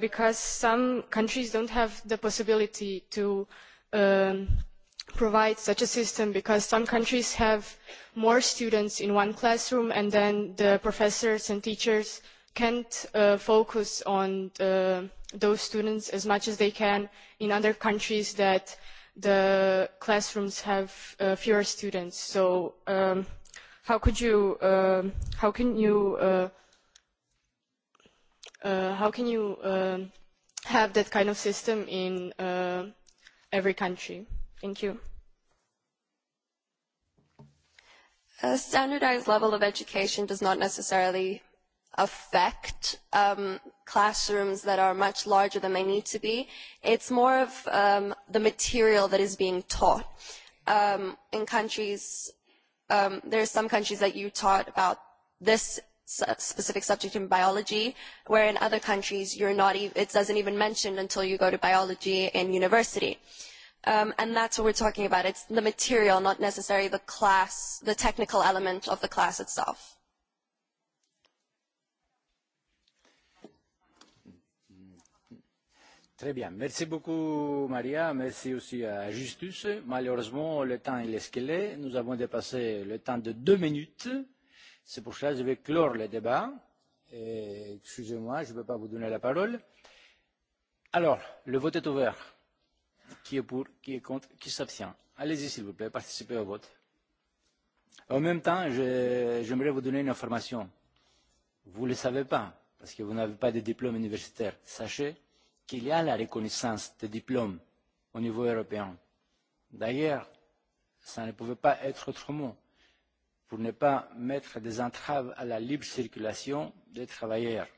because some countries don't have the possibility to provide such a system because some countries have more students in one classroom and then the professors and teachers can't focus on those students as much as they can in other countries that the classrooms have fewer students. So how could you, how can you, how can you have that kind of system in every country? Thank you.
A standardized level of education does not necessarily affect um, classrooms that are much larger than they need to be. It's more of the material that is being taught. In countries, there are some countries that you taught about this specific subject in biology, where in other countries you're not. It doesn't even mention until you go to biology in university. And that's what we're talking about. It's the material, not necessarily the class, the technical element of the class itself.
Très bien. Merci beaucoup, Maria. Merci aussi à Justus. Malheureusement, le temps est ce qu'il est. Nous avons dépassé le temps de deux minutes. C'est pour cela que je vais clore le débat. Excusez-moi, je ne peux pas vous donner la parole. Alors, le vote est ouvert. Qui est pour, qui est contre, qui s'abstient Allez-y, s'il vous plaît, participez au vote. En même temps, j'aimerais vous donner une information. Vous ne le savez pas, parce que vous n'avez pas de diplôme universitaire. Sachez qu'il y a la reconnaissance des diplômes au niveau européen. D'ailleurs, ça ne pouvait pas être autrement pour ne pas mettre des entraves à la libre circulation des travailleurs.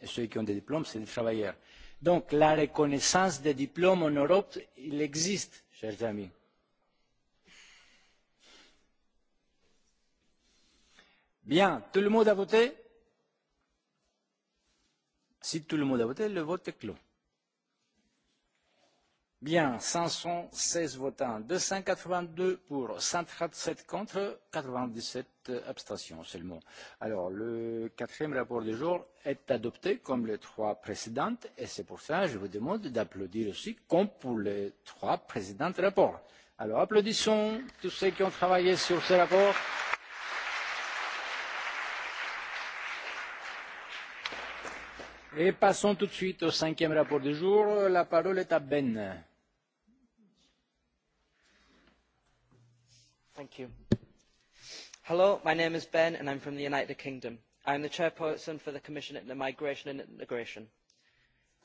Et ceux qui ont des diplômes, c'est des travailleurs. Donc la reconnaissance des diplômes en Europe, il existe, chers amis. Bien, tout le monde a voté Si tout le monde a voté, le vote est clos. Bien, 516 votants, 282 pour, 137 contre, 97 abstentions seulement. Alors, le quatrième rapport du jour est adopté comme les trois précédentes et c'est pour ça que je vous demande d'applaudir aussi comme pour les trois précédents rapports. Alors, applaudissons tous ceux qui ont travaillé sur ce rapport. Et passons tout de suite au cinquième rapport du jour. La parole est à Ben.
Thank you. Hello, my name is Ben and I'm from the United Kingdom. I'm the chairperson for the Commission on Migration and Integration.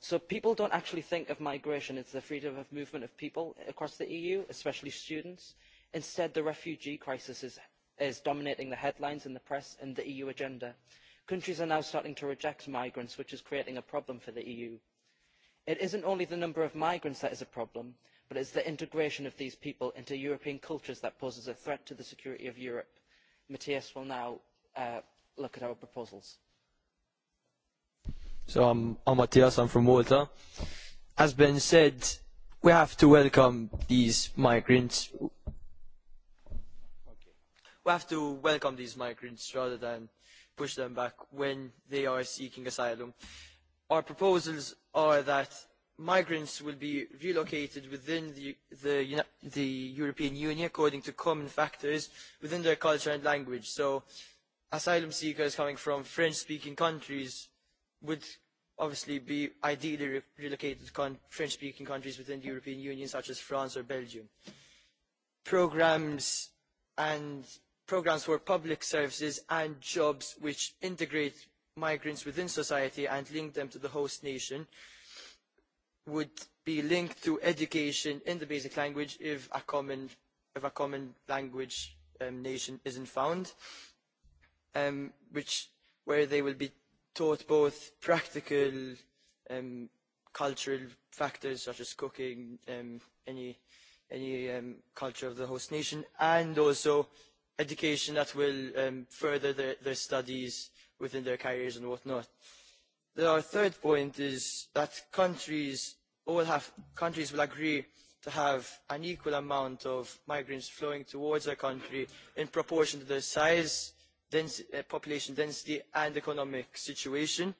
So people don't actually think of migration as the freedom of movement of people across the EU, especially students. Instead, the refugee crisis is, is dominating the headlines in the press and the EU agenda countries are now starting to reject migrants which is creating a problem for the eu. it is not only the number of migrants that is a problem but it is the integration of these people into european cultures that poses a threat to the security of europe. matthias will now look at our proposals.
so i'm matthias i'm from malta. as been said we have to welcome these migrants we have to welcome these migrants rather than push them back when they are seeking asylum. Our proposals are that migrants will be relocated within the European Union according to common factors within their culture and language. So asylum seekers coming from French-speaking countries would obviously be ideally relocated to French-speaking countries within the European Union, such as France or Belgium. Programs and programmes for public services and jobs which integrate migrants within society and link them to the host nation would be linked to education in the basic language if a common if a common language nation isn't found, which where they will be taught both practical cultural factors such as cooking, any any culture of the host nation, and also education that will further their studies within their careers and whatnot. Our third point is that countries all have countries will agree to have an equal amount of migrants flowing towards their country in proportion to their size, population density and economic situation.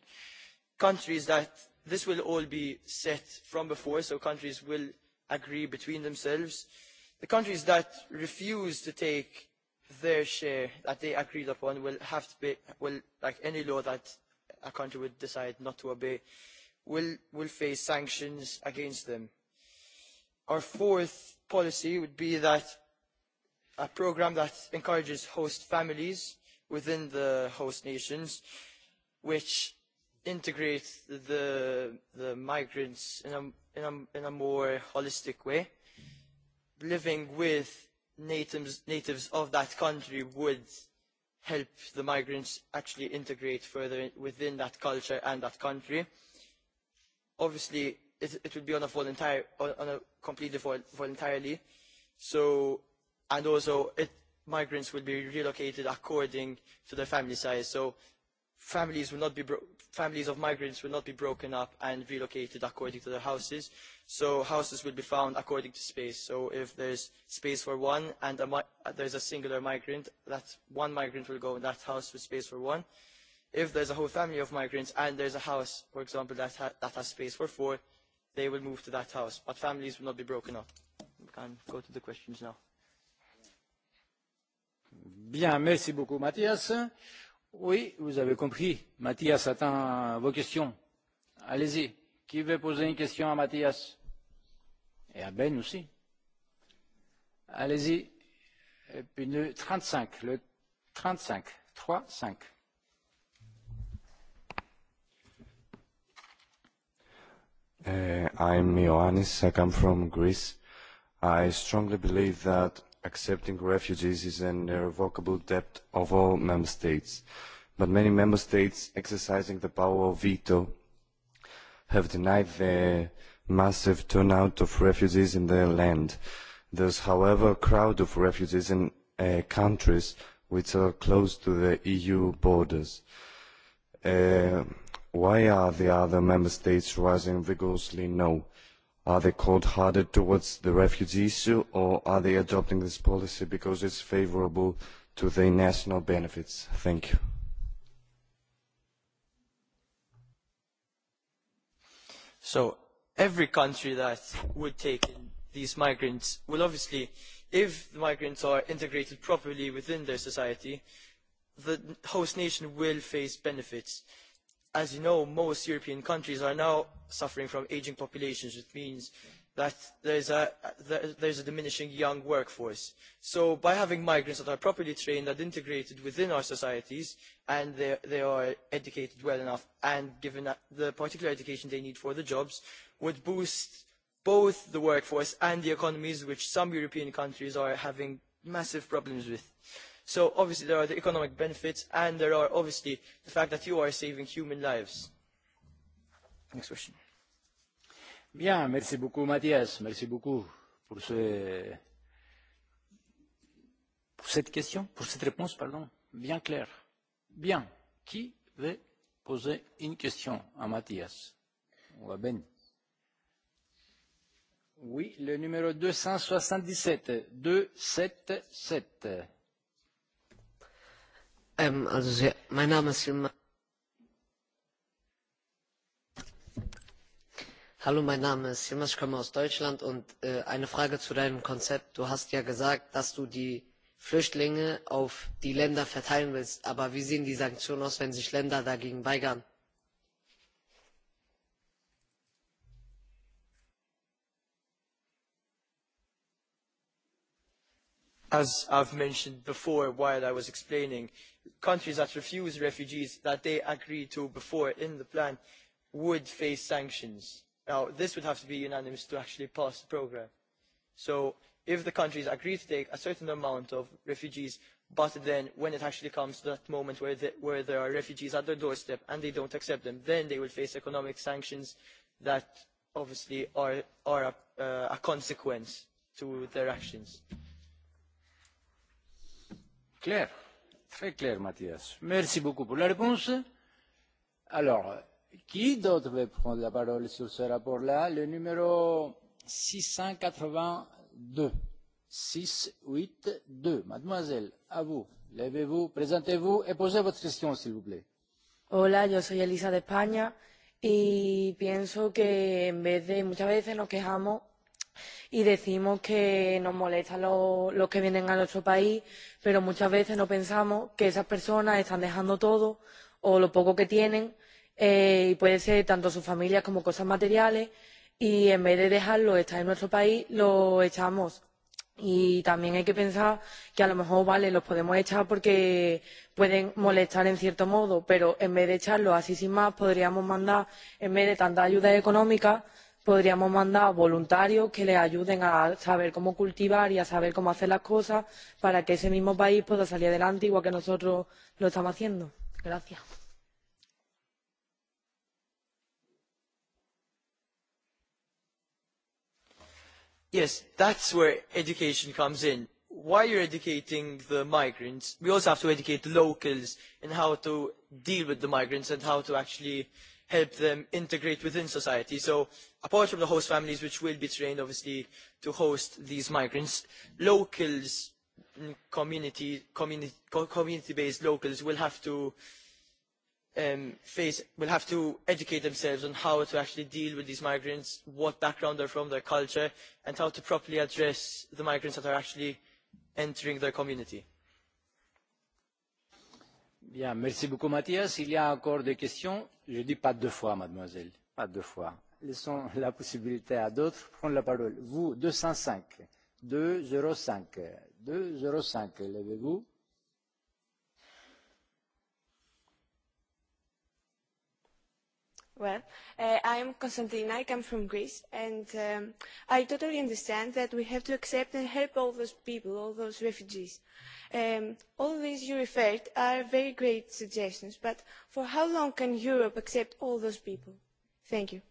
Countries that this will all be set from before, so countries will agree between themselves. The countries that refuse to take their share that they agreed upon will have to be will like any law that a country would decide not to obey will will face sanctions against them. Our fourth policy would be that a programme that encourages host families within the host nations which integrates the the migrants in a in a more holistic way, living with natives of that country would help the migrants actually integrate further within that culture and that country. Obviously, it would be on a voluntary, on a completely voluntarily. So, and also, it, migrants would be relocated according to their family size. So families of migrants will not be broken up and relocated according to their houses so houses will be found according to space so if there's space for one and there's a singular migrant that one migrant will go in that house with space for one if there's a whole family of migrants and there's a house for example that that has space for four they will move to that house but families will not be broken up we can go to the questions now
bien merci beaucoup mathias Oui, vous avez compris. Mathias attend vos questions. Allez-y. Qui veut poser une question à Mathias Et à Ben aussi. Allez-y. Et puis le 35, le 35, 3, 5.
Uh, I'm Ioannis. I come from Greece. I strongly believe that accepting refugees is an irrevocable debt of all member states, but many member states exercising the power of veto have denied the massive turnout of refugees in their land. There is, however, a crowd of refugees in countries which are close to the EU borders. Why are the other member states rising vigorously no? Are they cold-hearted towards the refugee issue, or are they adopting this policy because it's favorable to their national benefits? Thank you.
So every country that would take in these migrants will obviously, if the migrants are integrated properly within their society, the host nation will face benefits as you know, most European countries are now suffering from ageing populations, which means that there's a, a diminishing young workforce. So by having migrants that are properly trained and integrated within our societies, and they are educated well enough and given the particular education they need for the jobs, would boost both the workforce and the economies, which some European countries are having massive problems with. So obviously there are the economic benefits and there are obviously the fact that you are saving human lives. Next question.
Bien, merci beaucoup Mathias, merci beaucoup pour, ce, pour cette question, pour cette réponse, pardon, bien claire. Bien, qui veut poser une question à Mathias ou à Ben Oui, le numéro 277, 277 also mein Name ist
Hallo, mein Name ist ich komme aus Deutschland und eine Frage zu deinem Konzept. Du hast ja gesagt, dass du die Flüchtlinge auf die Länder verteilen willst, aber wie sehen die Sanktionen aus, wenn sich Länder dagegen weigern?
as I've mentioned before while I was explaining, countries that refuse refugees that they agreed to before in the plan would face sanctions. Now, this would have to be unanimous to actually pass the programme. So if the countries agree to take a certain amount of refugees, but then when it actually comes to that moment where, there are refugees at their doorstep and they don't accept them, then they will face economic sanctions that obviously are, a consequence to their actions.
Clair, très clair, Mathias. Merci beaucoup pour la réponse. Alors, qui d'autre veut prendre la parole sur ce rapport-là Le numéro 682. 682. Mademoiselle, à vous. Levez-vous, présentez-vous et posez votre question, s'il vous plaît.
Hola, yo soy Elisa de España y pienso que en vez de muchas veces nos quejamos y decimos que nos molestan los que vienen a nuestro país, pero muchas veces no pensamos que esas personas están dejando todo o lo poco que tienen, y puede ser tanto sus familias como cosas materiales, y en vez de dejarlo estar en nuestro país, lo echamos. Y también hay que pensar que a lo mejor, vale, los podemos echar porque pueden molestar en cierto modo, pero en vez de echarlos así sin más, podríamos mandar, en vez de tanta ayuda económica, podríamos mandar voluntarios que les ayuden a saber cómo cultivar y a saber cómo hacer las cosas para que ese mismo país pueda salir adelante igual que nosotros lo estamos haciendo.
Gracias.
Yes, that's where education comes in. While you're educating the migrants, we also have to educate the locals in how to deal with the migrants and how to actually help them integrate within society. So apart from the host families which will be trained obviously to host these migrants, locals, community community based locals will have to face will have to educate themselves on how to actually deal with these migrants, what background they're from, their culture and how to properly address the migrants that are actually entering their community. Bien,
merci beaucoup Mathias. Il y a encore des questions. Je dis pas deux fois, mademoiselle, pas deux fois laissons la possibilité à d'autres de prendre la parole. Vous, 205, 205, 205, levez-vous.
Well, I'm Konstantina,
I come from Greece, and I totally understand that we have to accept and help all those people, all those refugees. Um, All these you referred are very great suggestions, but for how long can Europe accept all those people? Thank you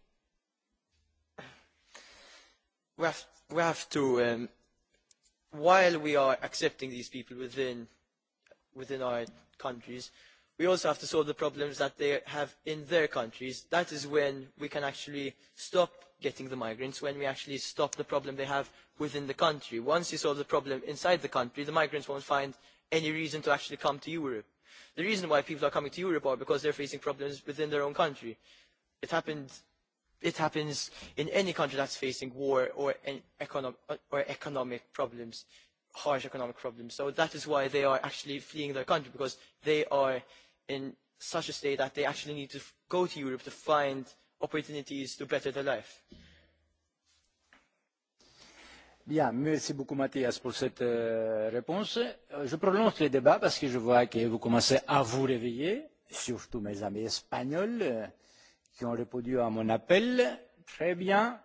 we have to, while we are accepting these people within within our countries, we also have to solve the problems that they have in their countries. That is when we can actually stop getting the migrants, when we actually stop the problem they have within the country. Once you solve the problem inside the country, the migrants won't find any reason to actually come to Europe. The reason why people are coming to Europe are because they're facing problems within their own country. It happened it happens in any country that's facing war or economic problems, harsh economic problems. So that is why they are actually fleeing their country, because they are in such a state that they actually need to go to Europe to find opportunities to better their life.
Bien, merci beaucoup Mathias pour cette réponse. Je prolonge le débat parce que je vois que vous commencez à vous réveiller, surtout mes amis espagnols qui ont répondu à mon appel. Très bien.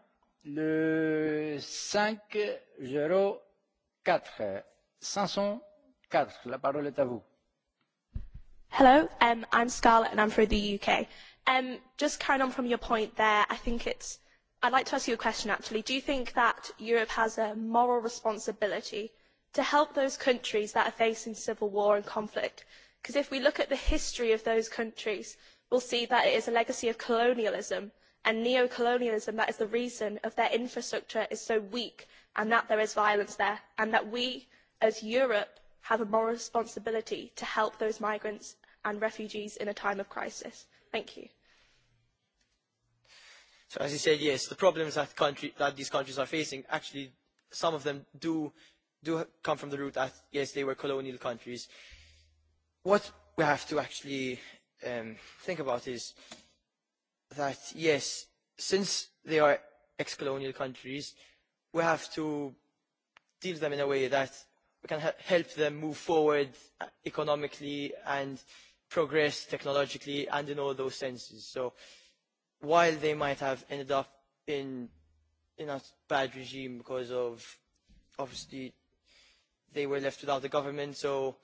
Le 504. 504. La parole est à vous.
Hello, um, I'm Scarlett and I'm from the UK. Um, just carrying on from your point there, I think it's, I'd like to ask you a question actually. Do you think that Europe has a moral responsibility to help those countries that are facing civil war and conflict? Because if we look at the history of those countries, will see that it is a legacy of colonialism and neo-colonialism that is the reason of their infrastructure is so weak and that there is violence there and that we as Europe have a moral responsibility to help those migrants and refugees in a time of crisis. Thank you.
So as you said, yes, the problems that, country, that these countries are facing, actually some of them do, do come from the root that, yes, they were colonial countries. What we have to actually think about is that, yes, since they are ex-colonial countries, we have to deal with them in a way that we can help them move forward economically and progress technologically and in all those senses. So while they might have ended up in in a bad regime because of obviously they were left without the government, so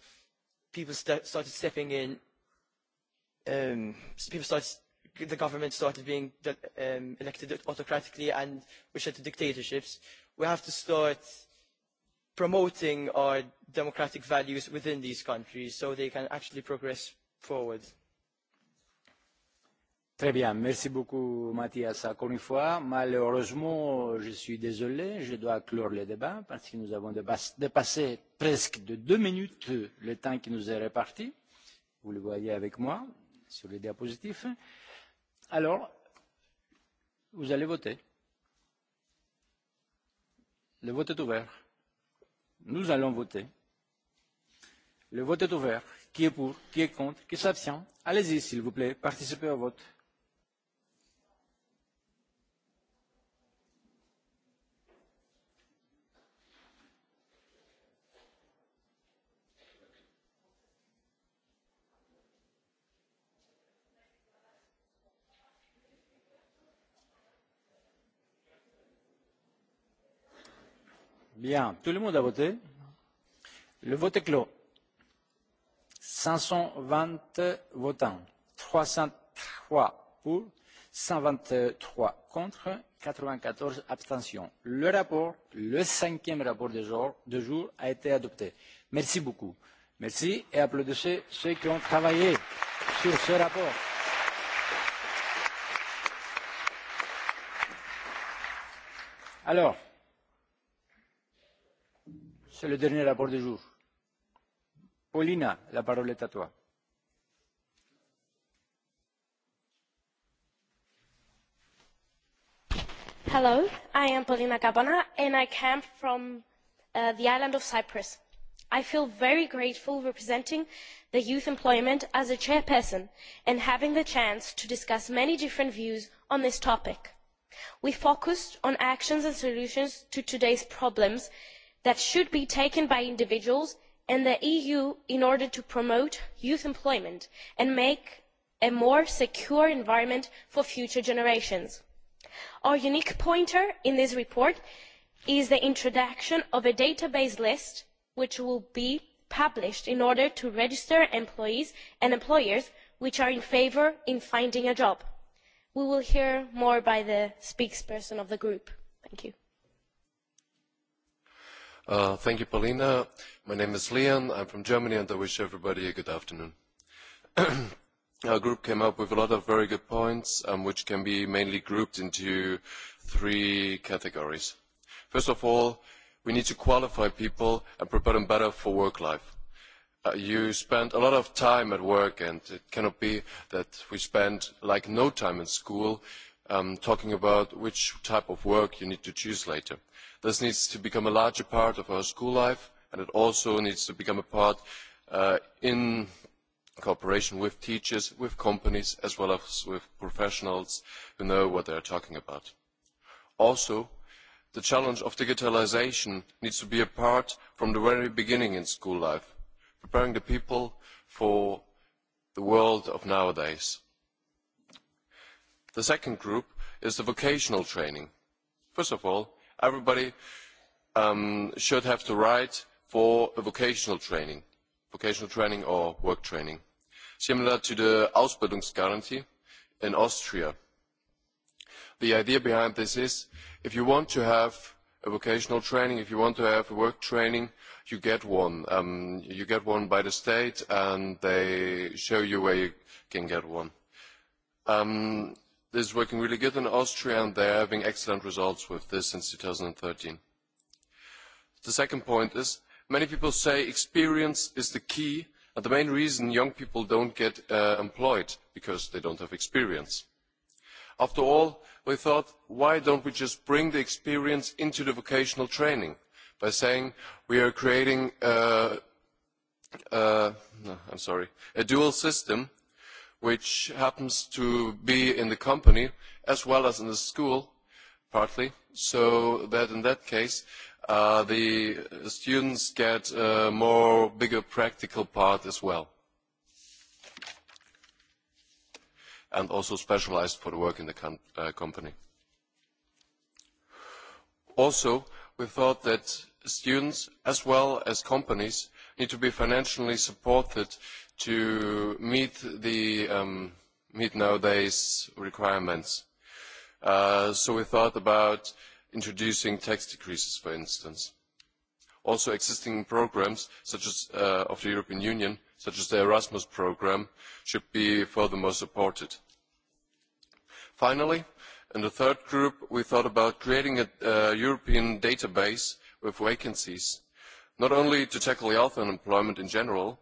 people started stepping in people started the government started being um elected autocratically and which led to dictatorships. We have to start promoting our democratic values within these countries so they can actually progress forward.
Très bien, merci beaucoup Mathias. Encore une fois, malheureusement, je suis désolé, je dois clore le débat parce que nous avons dépassé presque de deux minutes le temps qui nous est réparti. Vous le voyez avec moi sur les diapositives. Alors, vous allez voter. Le vote est ouvert. Nous allons voter. Le vote est ouvert. Qui est pour Qui est contre Qui s'abstient Allez-y, s'il vous plaît. Participez au vote. Bien, tout le monde a voté. Le vote est clos. 520 votants, 303 pour, 123 contre, 94 abstentions. Le rapport, le cinquième rapport de jour, de jour a été adopté. Merci beaucoup. Merci et applaudissez ceux qui ont travaillé sur ce rapport. Alors, C'est le dernier rapport du jour. Paulina, la parole est à toi.
Hello, I am Paulina Cabana and I come from the island of Cyprus. I feel very grateful representing the youth employment as a chairperson and having the chance to discuss many different views on this topic. We focused on actions and solutions to today's problems that should be taken by individuals and the eu in order to promote youth employment and make a more secure environment for future generations. our unique pointer in this report is the introduction of a database list which will be published in order to register employees and employers which are in favour in finding a job. we will hear more by the spokesperson of the group. thank you.
Thank you, Paulina. My name is Leon. I'm from Germany, and I wish everybody a good afternoon. Our group came up with a lot of very good points, which can be mainly grouped into three categories. First of all, we need to qualify people and prepare them better for work life. You spend a lot of time at work, and it cannot be that we spend like no time in school talking about which type of work you need to choose later. This needs to become a larger part of our school life, and it also needs to become a part in cooperation with teachers, with companies, as well as with professionals who know what they are talking about. Also, the challenge of digitalisation needs to be a part from the very beginning in school life, preparing the people for the world of nowadays. The second group is the vocational training. First of all, everybody should have the right for vocational training, vocational training or work training, similar to the Ausbildungsgarantie in Austria. The idea behind this is if you want to have a vocational training, if you want to have a work training, you get one. You get one by the state and they show you where you can get one. This is working really good in Austria, and they are having excellent results with this since 2013. The second point is many people say experience is the key, and the main reason young people don't get employed because they don't have experience. After all, we thought, why don't we just bring the experience into the vocational training by saying we are creating I'm sorry, a dual system which happens to be in the company as well as in the school, partly, so that in that case the students get a more bigger practical part as well. And also specialized for the work in the company. Also, we thought that students as well as companies need to be financially supported to meet the meet nowadays requirements. So we thought about introducing tax decreases, for instance. Also existing programs such as of the European Union, such as the Erasmus program, should be furthermore supported. Finally, in the third group, we thought about creating a European database with vacancies, not only to tackle health unemployment in general,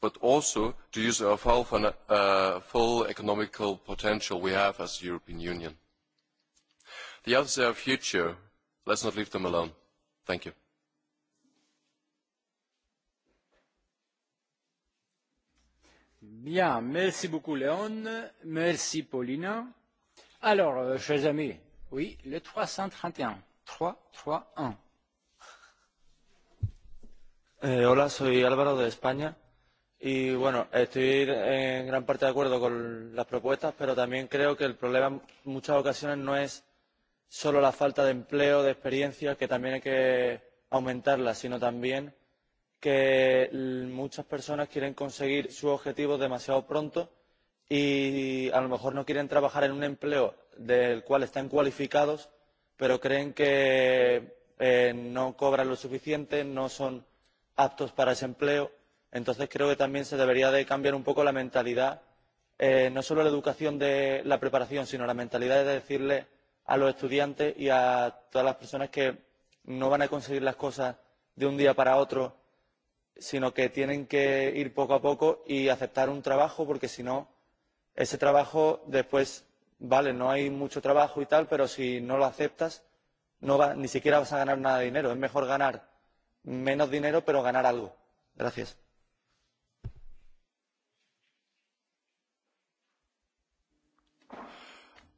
but also to use our full economical potential we have as the European Union. The others are our future. Let's not leave them alone. Thank you.
Bien, merci beaucoup Léon, merci Paulina. Alors, chers amis, oui, le 331, 331.
Eh, hola, soy Álvaro de España Y bueno, estoy en gran parte de acuerdo con las propuestas, pero también creo que el problema en muchas ocasiones no es solo la falta de empleo, de experiencia, que también hay que aumentarla, sino también que muchas personas quieren conseguir su objetivo demasiado pronto y a lo mejor no quieren trabajar en un empleo del cual están cualificados, pero creen que no cobran lo suficiente, no son aptos para ese empleo entonces creo que también se debería cambiar un poco la mentalidad no solo la educación de la preparación sino la mentalidad de decirle a los estudiantes y a todas las personas que no van a conseguir las cosas de un día para otro sino que tienen que ir poco a poco y aceptar un trabajo porque si no ese trabajo después vale no hay mucho trabajo y tal pero si no lo aceptas no va, ni siquiera vas a ganar nada de dinero es mejor ganar menos dinero pero ganar algo
gracias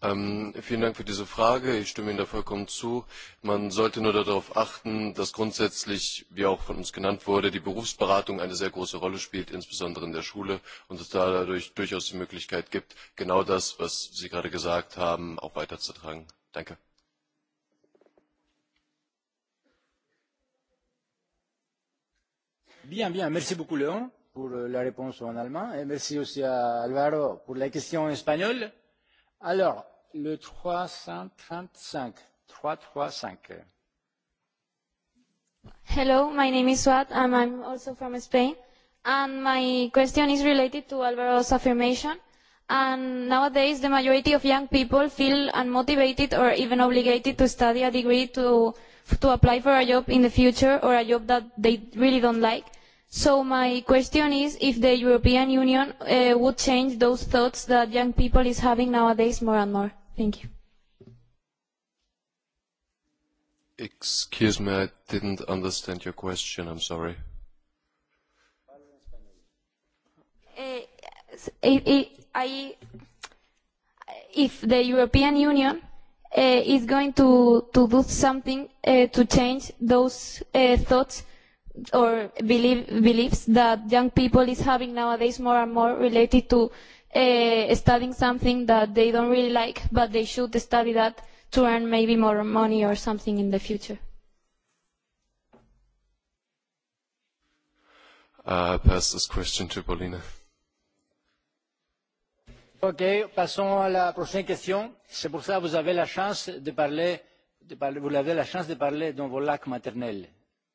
Vielen Dank für diese Frage. Ich stimme Ihnen da vollkommen zu. Man sollte nur darauf achten, dass grundsätzlich, wie auch von uns genannt wurde, die Berufsberatung eine sehr große Rolle spielt, insbesondere in der Schule, und es dadurch durchaus die Möglichkeit gibt, genau das, was Sie gerade gesagt haben, auch weiterzutragen. Danke.
Bien, bien. Merci beaucoup, Léon, pour la réponse en allemand. Et merci aussi à Alvaro pour la question en espagnol. Alors, le 335. 335.
Hello, my name is Swat and I'm also from Spain. And my question is related to Alvaro's affirmation. And nowadays, the majority of young people feel unmotivated or even obligated to study a degree to, to apply for a job in the future or a job that they really don't like. So my question is if the European Union would change those thoughts that young people is having nowadays more and more. Thank you.
Excuse me, I didn't understand your question. I'm sorry.
If the European Union is going to to do something to change those thoughts or beliefs that young people is having nowadays more and more related to studying something that they don't really like, but they should study that to earn maybe more money or something in the future.
Uh, pass this question to Paulina.
Ok, passons à la prochaine question. C'est pour ça que vous avez la chance de parler, de parler vous avez la chance de parler dans vos lacs maternels,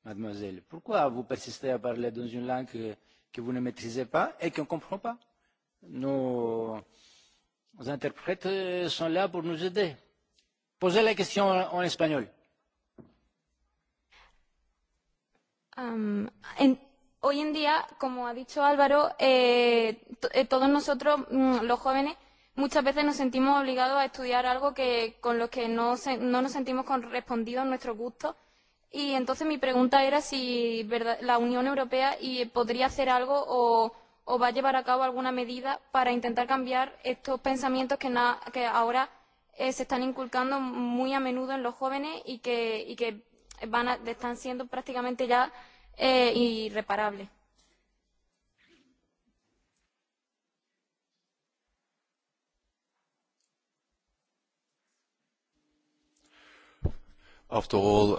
mademoiselle. Pourquoi vous persistez à parler dans une langue que, que vous ne maîtrisez pas et qu'on ne comprend pas nos interprètes sont là pour nous aider. Posez la question en espagnol.
Hoy en día, como ha dicho Álvaro, todos nosotros, los jóvenes, muchas veces nos sentimos obligados a estudiar algo que con lo que no nos sentimos correspondidos a nuestro gusto. Y entonces mi pregunta era si la Unión Europea podría hacer algo o o va a llevar a cabo alguna medida para intentar cambiar estos pensamientos que, que ahora se están inculcando muy a menudo en los jóvenes y que, y que van están siendo prácticamente ya eh, irreparables.
After all,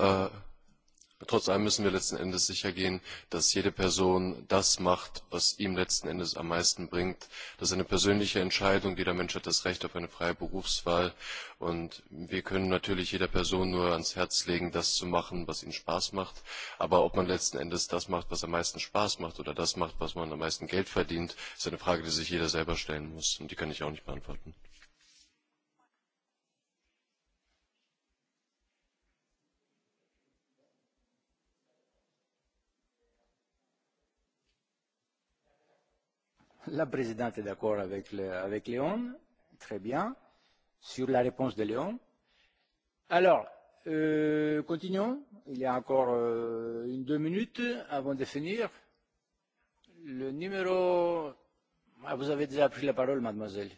Trotz allem müssen wir letzten Endes sichergehen, dass jede Person das macht, was ihm letzten Endes am meisten bringt. Das ist eine persönliche Entscheidung. Jeder Mensch hat das Recht auf eine freie Berufswahl. Und wir können natürlich jeder Person nur ans Herz legen, das zu machen, was ihnen Spaß macht. Aber ob man letzten Endes das macht, was am meisten Spaß macht oder das macht, was man am meisten Geld verdient, ist eine Frage, die sich jeder selber stellen muss. Und die kann ich auch nicht beantworten.
La présidente est d'accord avec, avec Léon. Très bien. Sur la réponse de Léon. Alors, euh, continuons. Il y a encore une deux minutes avant de finir. Le numéro... Ah, vous avez déjà pris la parole, mademoiselle.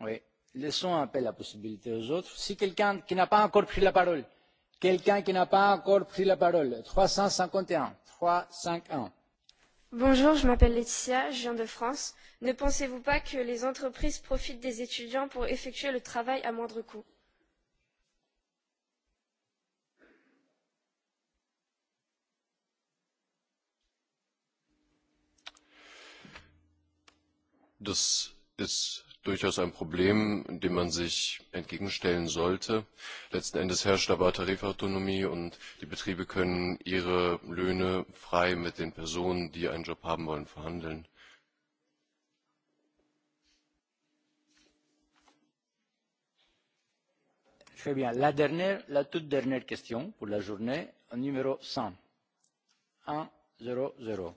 Oui. Laissons un peu la possibilité aux autres. Si quelqu'un qui n'a pas encore pris la parole, quelqu'un qui n'a pas encore pris la parole, 351, 351. Bonjour, je m'appelle
Laetitia, je viens de France. Ne pensez-vous pas que les entreprises profitent des étudiants pour effectuer le travail à moindre coût
durchaus ein Problem, dem man sich entgegenstellen sollte. Letzten Endes herrscht aber Tarifautonomie und die Betriebe können ihre Löhne frei mit den Personen, die einen Job haben wollen, verhandeln.
Très bien. La dernière, la toute dernière question pour la journée, numéro 100.
1, 0, 0.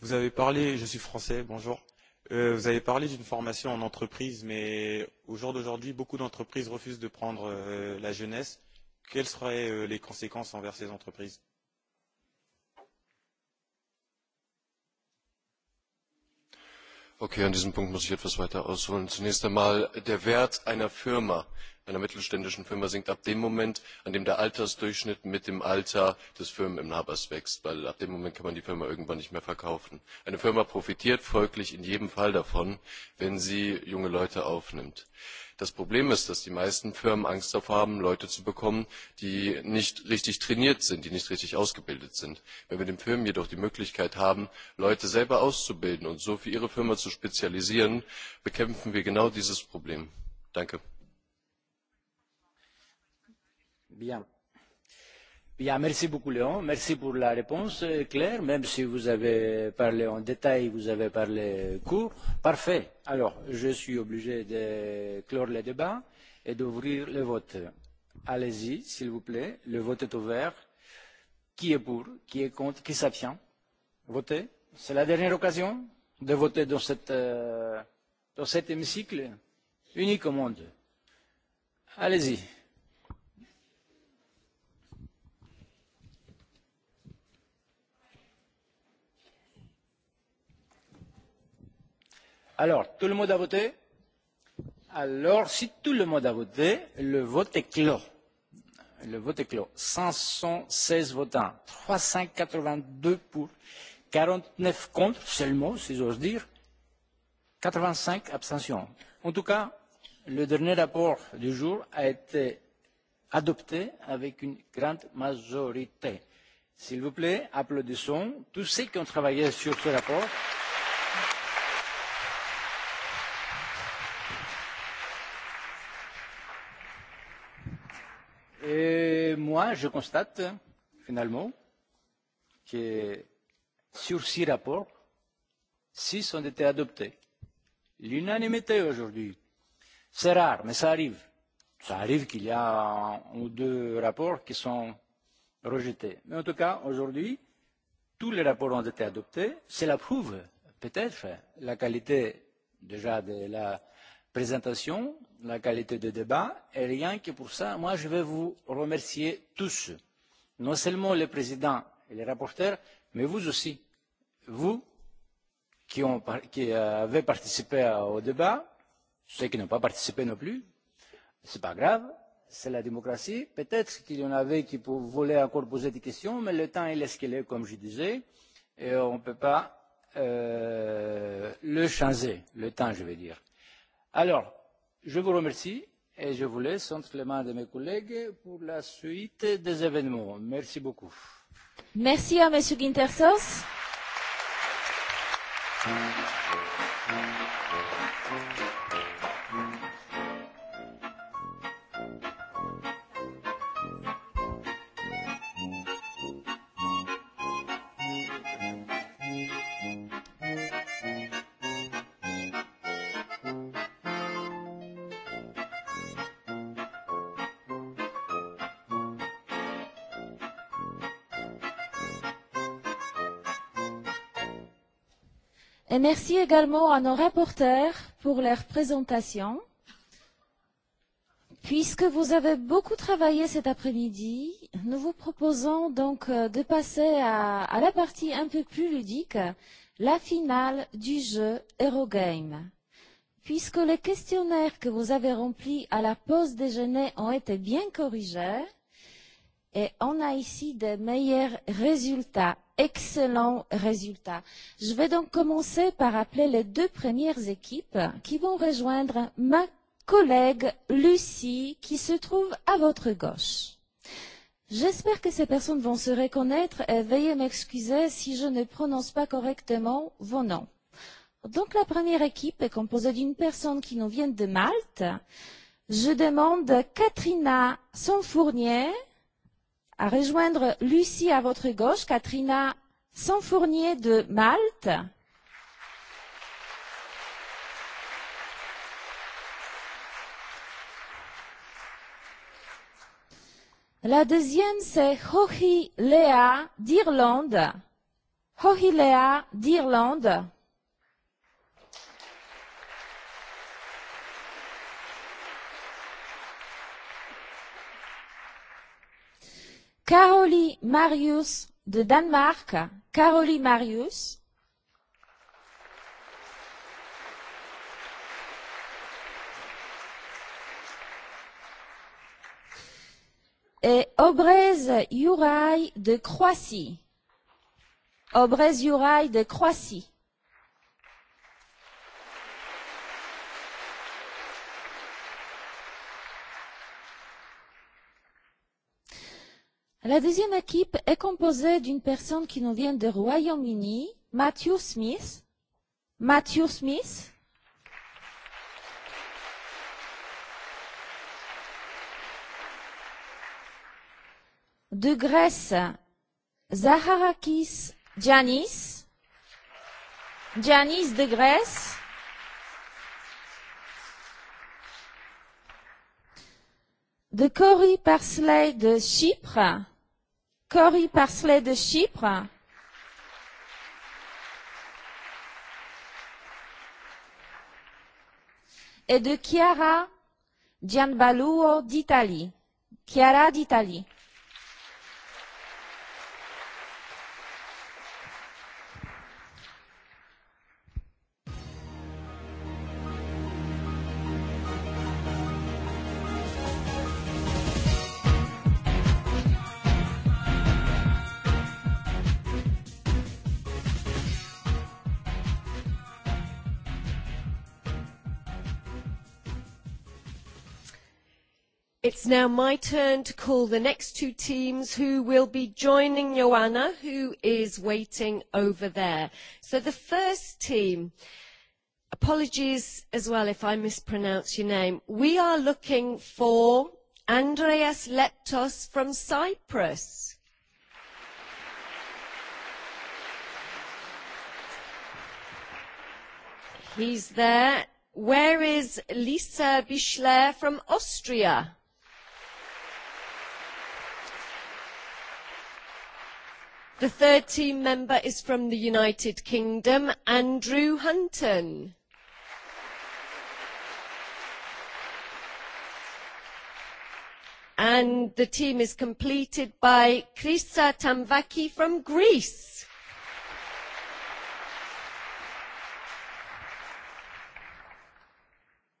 Vous avez parlé, je suis français, bonjour Vous avez parlé d'une formation en entreprise, mais au jour d'aujourd'hui, beaucoup d'entreprises refusent de prendre la jeunesse. Quelles seraient les conséquences envers ces entreprises
Okay, an diesem Punkt muss ich etwas weiter ausholen. Zunächst einmal der Wert einer Firma einer mittelständischen Firma sinkt ab dem Moment, an dem der Altersdurchschnitt mit dem Alter des Firmeninhabers wächst, weil ab dem Moment kann man die Firma irgendwann nicht mehr verkaufen. Eine Firma profitiert folglich in jedem Fall davon, wenn sie junge Leute aufnimmt. Das Problem ist, dass die meisten Firmen Angst davor haben, Leute zu bekommen, die nicht richtig trainiert sind, die nicht richtig ausgebildet sind. Wenn wir den Firmen jedoch die Möglichkeit haben, Leute selber auszubilden und so für ihre Firma zu spezialisieren, bekämpfen wir genau dieses Problem. Danke.
Bien. merci beaucoup Léon, merci pour la réponse claire, même si vous avez parlé en détail, vous avez parlé court. Parfait. Alors, je suis obligé de clore le débat et d'ouvrir le vote. Allez-y, s'il vous plaît. Le vote est ouvert. Qui est pour Qui est contre Qui s'abstient Votez. C'est la dernière occasion de voter dans, cette, dans cet hémicycle. Unique au monde. Allez-y. Alors, tout le monde a voté Alors, si tout le monde a voté, le vote est clos. Le vote est clos. 516 votants, 382 pour, 49 contre seulement, si j'ose dire, 85 abstentions. En tout cas, le dernier rapport du jour a été adopté avec une grande majorité. S'il vous plaît, applaudissons tous ceux qui ont travaillé sur ce rapport. Et moi, je constate finalement que sur six rapports, six ont été adoptés. L'unanimité aujourd'hui. C'est rare, mais ça arrive. Ça arrive qu'il y a un ou deux rapports qui sont rejetés. Mais en tout cas, aujourd'hui, tous les rapports ont été adoptés. Cela prouve peut-être la qualité déjà de la présentation, la qualité du débat, Et rien que pour ça, moi, je vais vous remercier tous. Non seulement les présidents et les rapporteurs, mais vous aussi. Vous qui, ont, qui avez participé au débat, ceux qui n'ont pas participé non plus, ce n'est pas grave, c'est la démocratie. Peut-être qu'il y en avait qui voulaient encore poser des questions, mais le temps il est ce qu'il est, comme je disais, et on ne peut pas euh, le changer, le temps je veux dire. Alors, je vous remercie et je vous laisse entre les mains de mes collègues pour la suite des événements. Merci beaucoup.
Merci à M. Guintersos. Merci également à nos rapporteurs pour leur présentation. Puisque vous avez beaucoup travaillé cet après-midi, nous vous proposons donc de passer à la partie un peu plus ludique, la finale du jeu Eurogame. Puisque les questionnaires que vous avez remplis à la pause déjeuner ont été bien corrigés, et on a ici des meilleurs résultats Excellent résultat. Je vais donc commencer par appeler les deux premières équipes qui vont rejoindre ma collègue Lucie qui se trouve à votre gauche. J'espère que ces personnes vont se reconnaître et veuillez m'excuser si je ne prononce pas correctement vos noms. Donc la première équipe est composée d'une personne qui nous vient de Malte. Je demande Katrina Sonfournier à rejoindre Lucie à votre gauche, Katrina Sanfournier de Malte. La deuxième, c'est Hohi Lea d'Irlande. Hohi Lea d'Irlande. Caroli Marius de Danemark. Caroli Marius. Et Obrez Juraj de Croatie. Obrez Juraj de Croatie. La deuxième équipe est composée d'une personne qui nous vient du Royaume-Uni, Matthew Smith. Matthew Smith. De Grèce, Zaharakis Janis. Janis de Grèce. de Cory Parsley de Chypre. Cory Parsley de Chypre. Et de Chiara Gianbaluo d'Italie. Chiara d'Italie.
It's now my turn to call the next two teams who will be joining Joanna, who is waiting over there. So the first team, apologies as well if I mispronounce your name, we are looking for Andreas Leptos from Cyprus. He's there. Where is Lisa Bischler from Austria? The third team member is from the United Kingdom, Andrew Hunton. And the team is completed by Krista Tamvaki from Greece.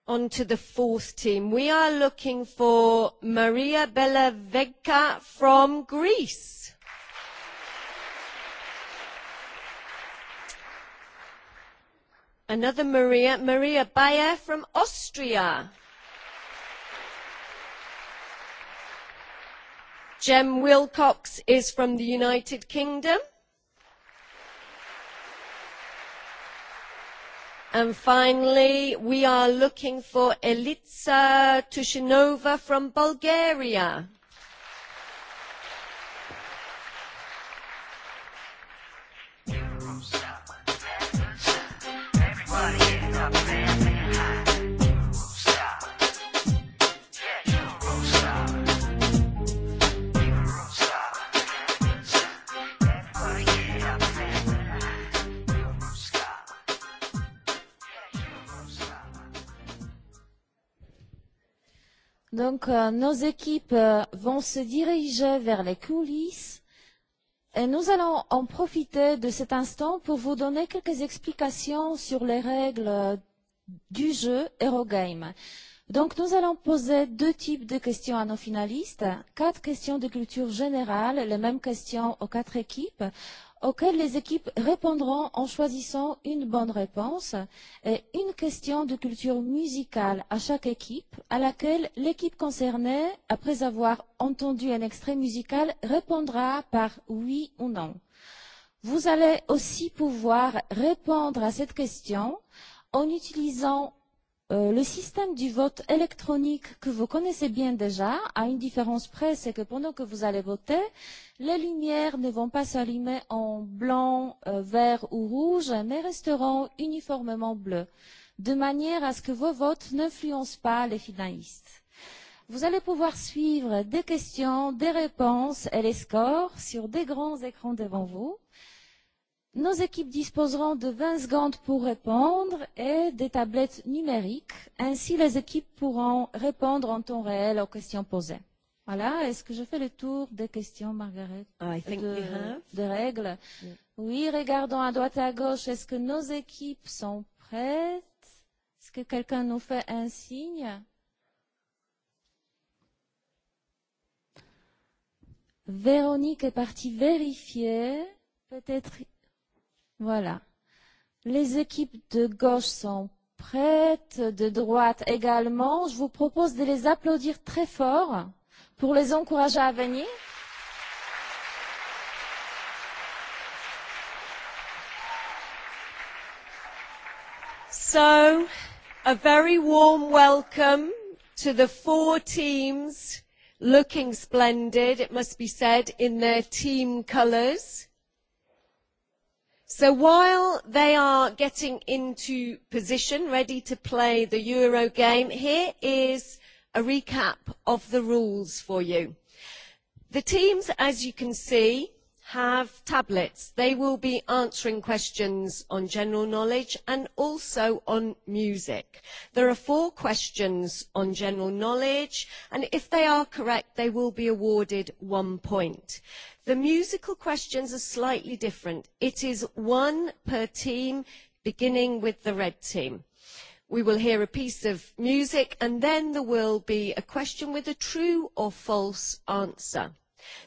On to the fourth team. We are looking for Maria Bella Vega from Greece. Another Maria, Maria Bayer from Austria. Jem Wilcox is from the United Kingdom. And finally, we are looking for Elitsa Tushinova from Bulgaria.
Donc, nos équipes vont se diriger vers les coulisses Nous allons en profiter de cet instant pour vous donner quelques explications sur les règles du jeu Eurogame. Donc nous allons poser deux types de questions à nos finalistes, quatre questions de culture générale, les mêmes questions aux quatre équipes auxquelles les équipes répondront en choisissant une bonne réponse et une question de culture musicale à chaque équipe à laquelle l'équipe concernée, après avoir entendu un extrait musical, répondra par oui ou non. Vous allez aussi pouvoir répondre à cette question en utilisant Le système du vote électronique que vous connaissez bien déjà a une différence près, c'est que pendant que vous allez voter, les lumières ne vont pas s'allumer en blanc, vert ou rouge, mais resteront uniformément bleues, de manière à ce que vos votes n'influencent pas les finalistes. Vous allez pouvoir suivre des questions, des réponses et les scores sur des grands écrans devant vous. Nos équipes disposeront de 20 secondes pour répondre et des tablettes numériques. Ainsi, les équipes pourront répondre en temps réel aux questions posées. Voilà, est-ce que je fais le tour des questions, Margaret I de, règles Oui, regardons à droite et à gauche. Est-ce que nos équipes sont prêtes Est-ce que quelqu'un nous fait un signe Véronique est partie vérifier. Peut-être Voilà. Les équipes de gauche sont prêtes, de droite également. Je vous propose de les applaudir très fort pour les encourager à venir.
So, a very warm welcome to the four teams looking splendid, it must be said, in their team colours. So while they are getting into position, ready to play the Euro game, here is a recap of the rules for you. The teams, as you can see, have tablets. They will be answering questions on general knowledge and also on music. There are four questions on general knowledge, and if they are correct, they will be awarded one point. The musical questions are slightly different. It is one per team, beginning with the red team. We will hear a piece of music and then there will be a question with a true or false answer.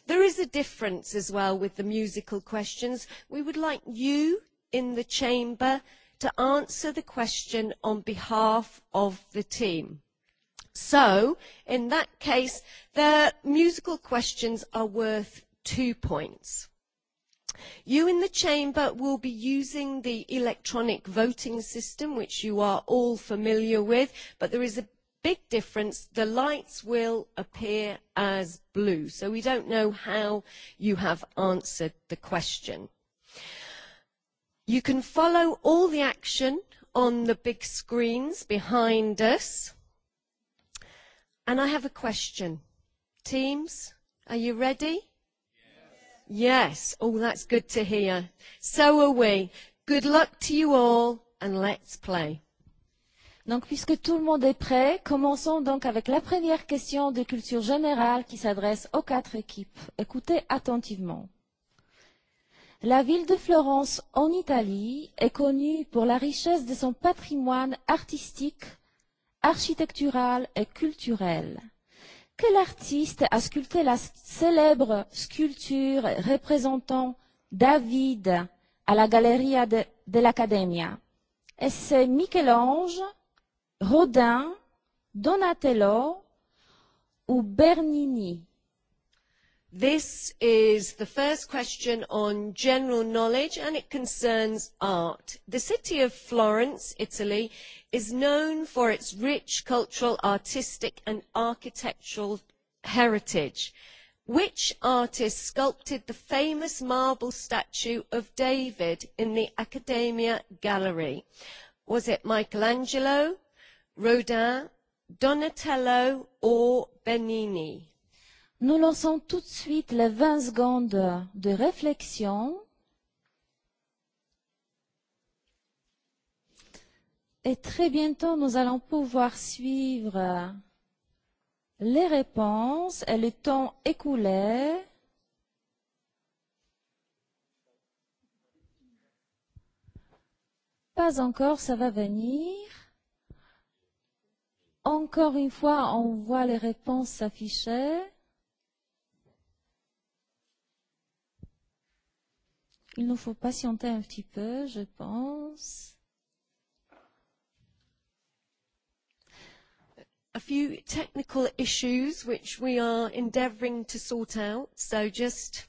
There is a difference as well with the musical questions. We would like you in the chamber to answer the question on behalf of the team. So, in that case, the musical questions are worth two points. You in the chamber will be using the electronic voting system, which you are all familiar with, but there is a big difference. The lights will appear as blue, so we don't know how you have answered the question. You can follow all the action on the big screens behind us. And I have a question. Teams, are you ready? Yes. Oh, that's good to hear. So are we. Good luck to you all and let's play.
Donc, puisque tout le monde est prêt, commençons donc avec la première question de culture générale qui s'adresse aux quatre équipes. Écoutez attentivement. La ville de Florence, en Italie, est connue pour la richesse de son patrimoine artistique, architectural et culturel. Quel artiste a sculpté la célèbre sculpture représentant David à la Galleria de Est-ce michel
Rodin, Donatello ou Bernini This is the first question on general knowledge and it concerns art. The city of Florence, Italy, is known for its rich cultural, artistic and architectural heritage. Which artist sculpted the famous marble statue of David in the Accademia Gallery? Was it Michelangelo, Rodin, Donatello or Bernini?
Nous lançons tout de suite les 20 secondes de réflexion. Et très bientôt, nous allons pouvoir suivre les réponses et le temps écoulé. Pas encore, ça va venir. Encore une fois, on voit les réponses s'afficher. Il nous
faut patienter un petit peu, je pense. A few technical issues which we are endeavoring to sort out, so just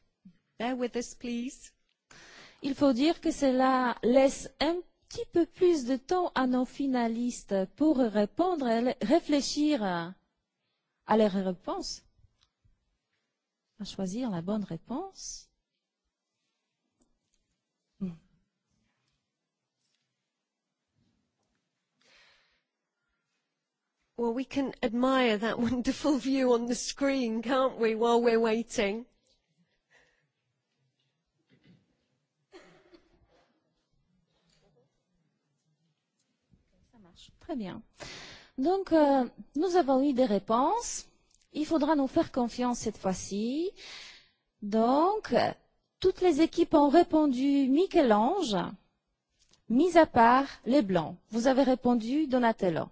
bear with us, please. Il faut dire que cela laisse un petit peu plus de temps à nos finalistes
pour répondre et réfléchir à leur réponse, à choisir la bonne réponse.
Well, we can admire that wonderful view on the screen, can't we, while we're waiting?
Très bien. Donc, nous avons eu des réponses. Il faudra nous faire confiance cette fois-ci. Donc, toutes les équipes ont répondu Michel-Ange, mis à part les Blancs. Vous avez répondu Donatello.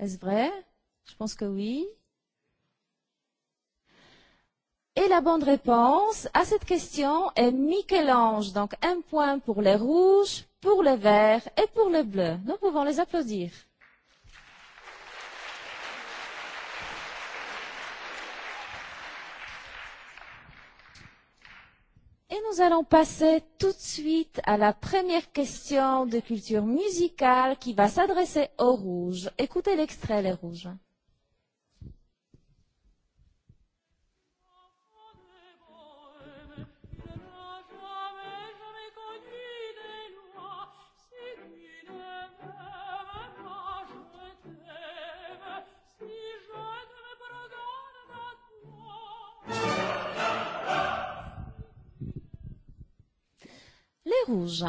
Est-ce vrai Je pense que oui. Et la bonne réponse à cette question est Michel-Ange. Donc un point pour les rouges, pour les verts et pour les bleus. Nous pouvons les applaudir. Et nous allons passer tout de suite à la première question de culture musicale qui va s'adresser aux rouges. Écoutez l'extrait, les rouges. rouge.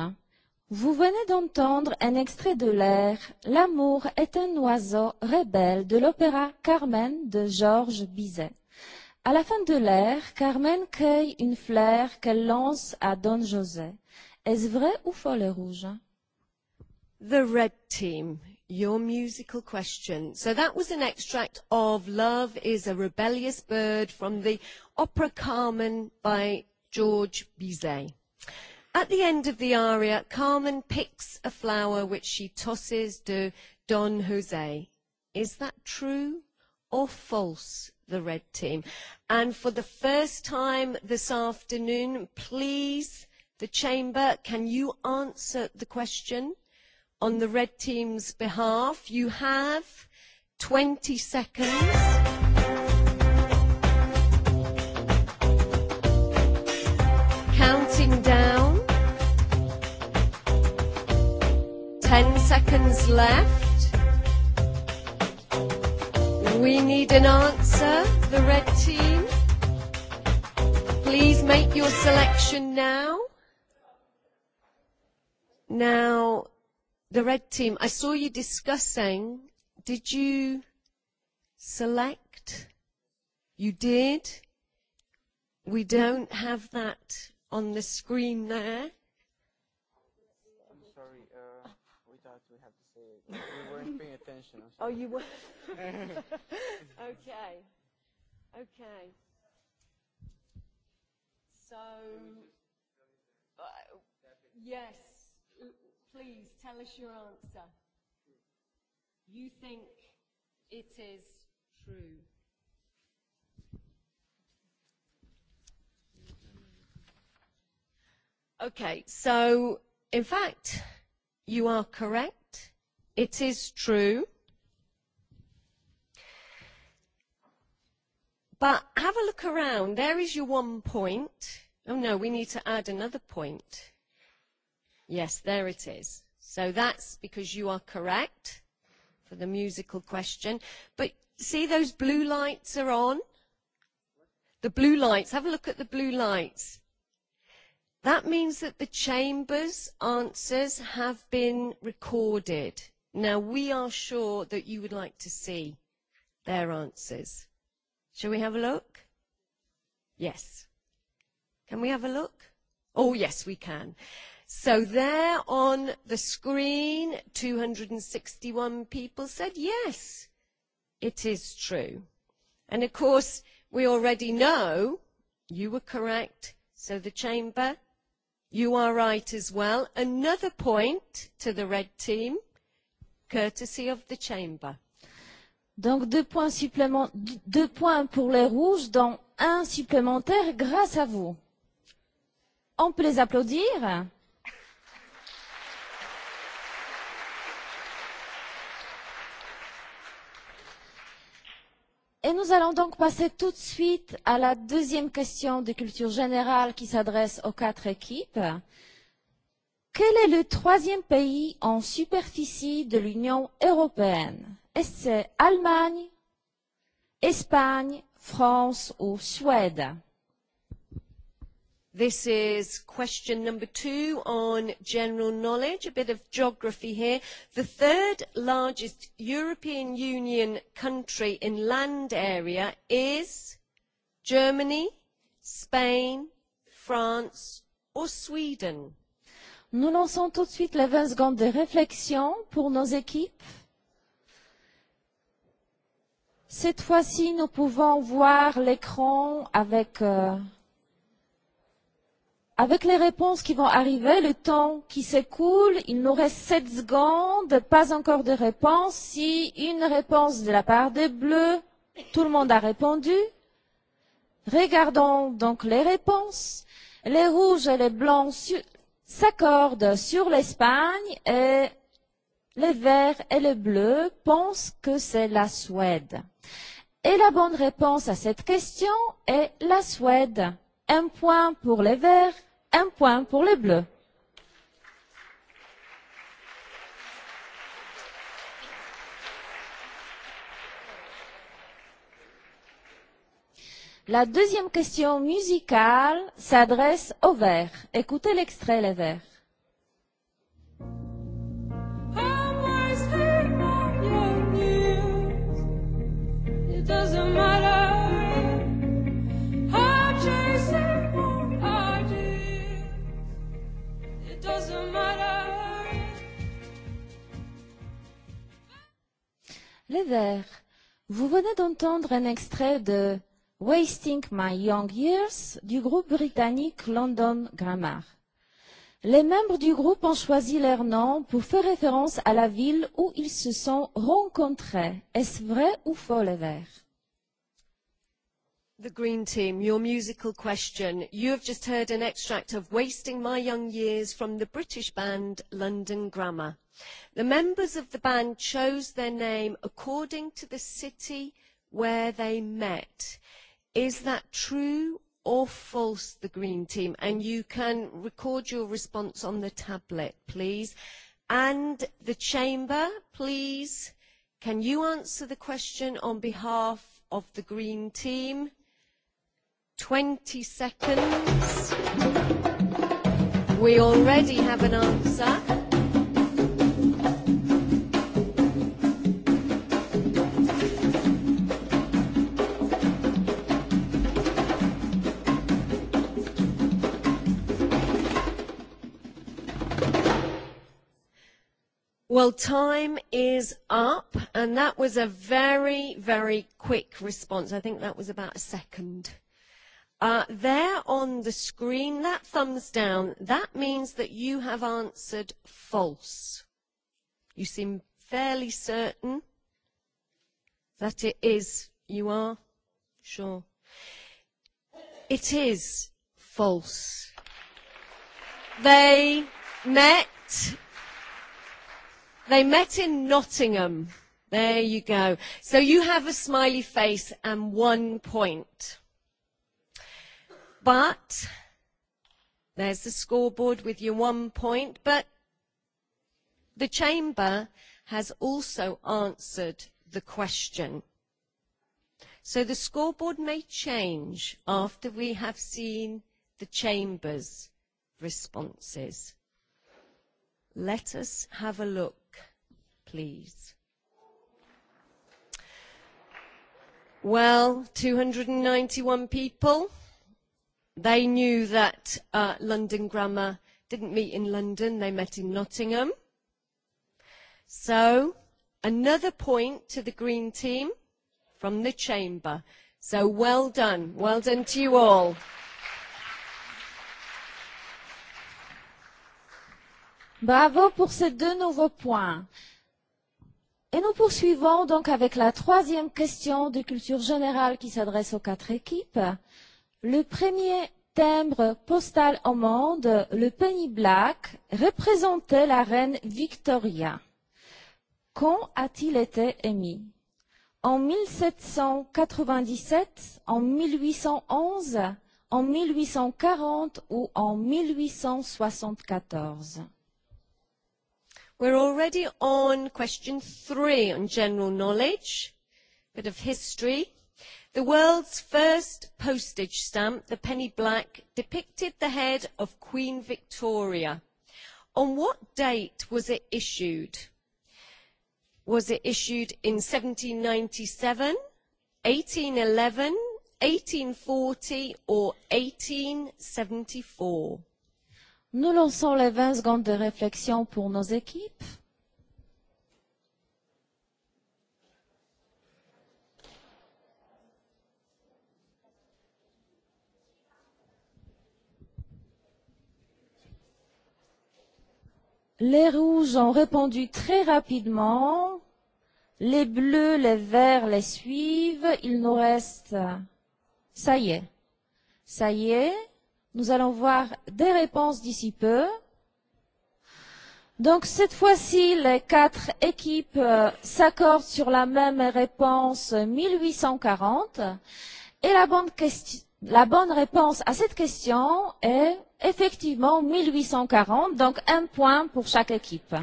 Vous venez d'entendre un extrait de l'air L'amour est un oiseau rebelle de l'opéra Carmen de Georges Bizet. À la fin de l'air, Carmen cueille une fleur qu'elle lance à Don José. Est-ce vrai ou faux le rouge?
The Red Team, your musical question. So that was an extract of Love is a Rebellious Bird from the opera Carmen by George Bizet. At the end of the aria, Carmen picks a flower which she tosses to Don Jose. Is that true or false, the red team? And for the first time this afternoon, please, the chamber, can you answer the question on the red team's behalf? You have 20 seconds. 10 seconds left. We need an answer, the red team. Please make your selection now. Now, the red team, I saw you discussing. Did you select? You did. We don't have that on the screen there.
We weren't paying attention. Oh, you were. okay.
Okay. So, yes,
please tell us your answer. You think it is true. Okay, so in fact, you are correct It is true. But have a look around. There is your one point. Oh no, we need to add another point. Yes, there it is. So that's because you are correct for the musical question. But see those blue lights are on? The blue lights. Have a look at the blue lights. That means that the Chamber's answers have been recorded. Now, we are sure that you would like to see their answers. Shall we have a look? Yes. Can we have a look? Oh, yes, we can. So there on the screen, 261 people said yes, it is true. And of course, we already know you were correct, so the chamber, you are right as well. Another point to the red team courtesy of the chamber.
Donc deux points, deux points pour les rouges, dont un supplémentaire grâce à vous. On peut les applaudir. Et nous allons donc passer tout de suite à la deuxième question de culture générale qui s'adresse aux quatre équipes. Quel est le troisième pays en superficie de l'Union européenne Est-ce Allemagne, Espagne, France ou Suède
This is question number two on general knowledge, a bit of geography here. The third largest European Union country in land area is Germany, Spain, France or Sweden.
Nous lançons tout de suite les 20 secondes de réflexion pour nos équipes. Cette fois-ci, nous pouvons voir l'écran avec, avec les réponses qui vont arriver, le temps qui s'écoule. Il nous reste 7 secondes, pas encore de réponse. Si une réponse de la part des bleus, tout le monde a répondu. Regardons donc les réponses. Les rouges et les blancs S'accorde sur l'Espagne et les verts et les bleus pensent que c'est la Suède. Et la bonne réponse à cette question est la Suède. Un point pour les verts, un point pour les bleus. La deuxième question musicale s'adresse aux vert Écoutez l'extrait les verts. Les verts, vous venez d'entendre un extrait de Wasting My Young Years du groupe britannique London Grammar. Les membres du groupe ont choisi leur nom pour faire référence à la ville où ils se sont rencontrés. Est-ce vrai ou faux les verts
The Green Team, your musical question. You have just heard an extract of Wasting My Young Years from the British band London Grammar. The members of the band chose their name according to the city where they met. Is that true or false, the Green Team? And you can record your response on the tablet, please. And the Chamber, please, can you answer the question on behalf of the Green Team? 20 seconds. We already have an answer. Well, time is up, and that was a very, very quick response. I think that was about a second. There on the screen, that thumbs down, that means that you have answered false. You seem fairly certain that it is. You are? Sure. It is false. They met They met in Nottingham. There you go. So you have a smiley face and one point. But there's the scoreboard with your one point, but the chamber has also answered the question. So the scoreboard may change after we have seen the chamber's responses. Let us have a look please. Well, 291 people. They knew that London Grammar didn't meet in London, they met in Nottingham. So, another point to the Green Team from the Chamber. So, well done. Well done to you all.
Bravo pour ces deux nouveaux points. Et nous poursuivons donc avec la troisième question de culture générale qui s'adresse aux quatre équipes. Le premier timbre postal au monde, le penny black, représentait la reine Victoria. Quand a-t-il été émis En 1797, en 1811, en 1840 ou en 1874
We're already on question three on general knowledge, a bit of history. The world's first postage stamp, the penny black, depicted the head of Queen Victoria. On what date was it issued? Was it issued in 1797, 1811, 1840 or 1874? Nous lançons
les 20 secondes de réflexion pour nos équipes. Les rouges ont répondu très rapidement. Les bleus, les verts les suivent. Il nous reste... Ça y est. Ça y est. Nous allons voir des réponses d'ici peu. Donc cette fois-ci, les quatre équipes s'accordent sur la même réponse 1840. Et la bonne, la bonne réponse à cette question est effectivement 1840, donc un point pour chaque équipe.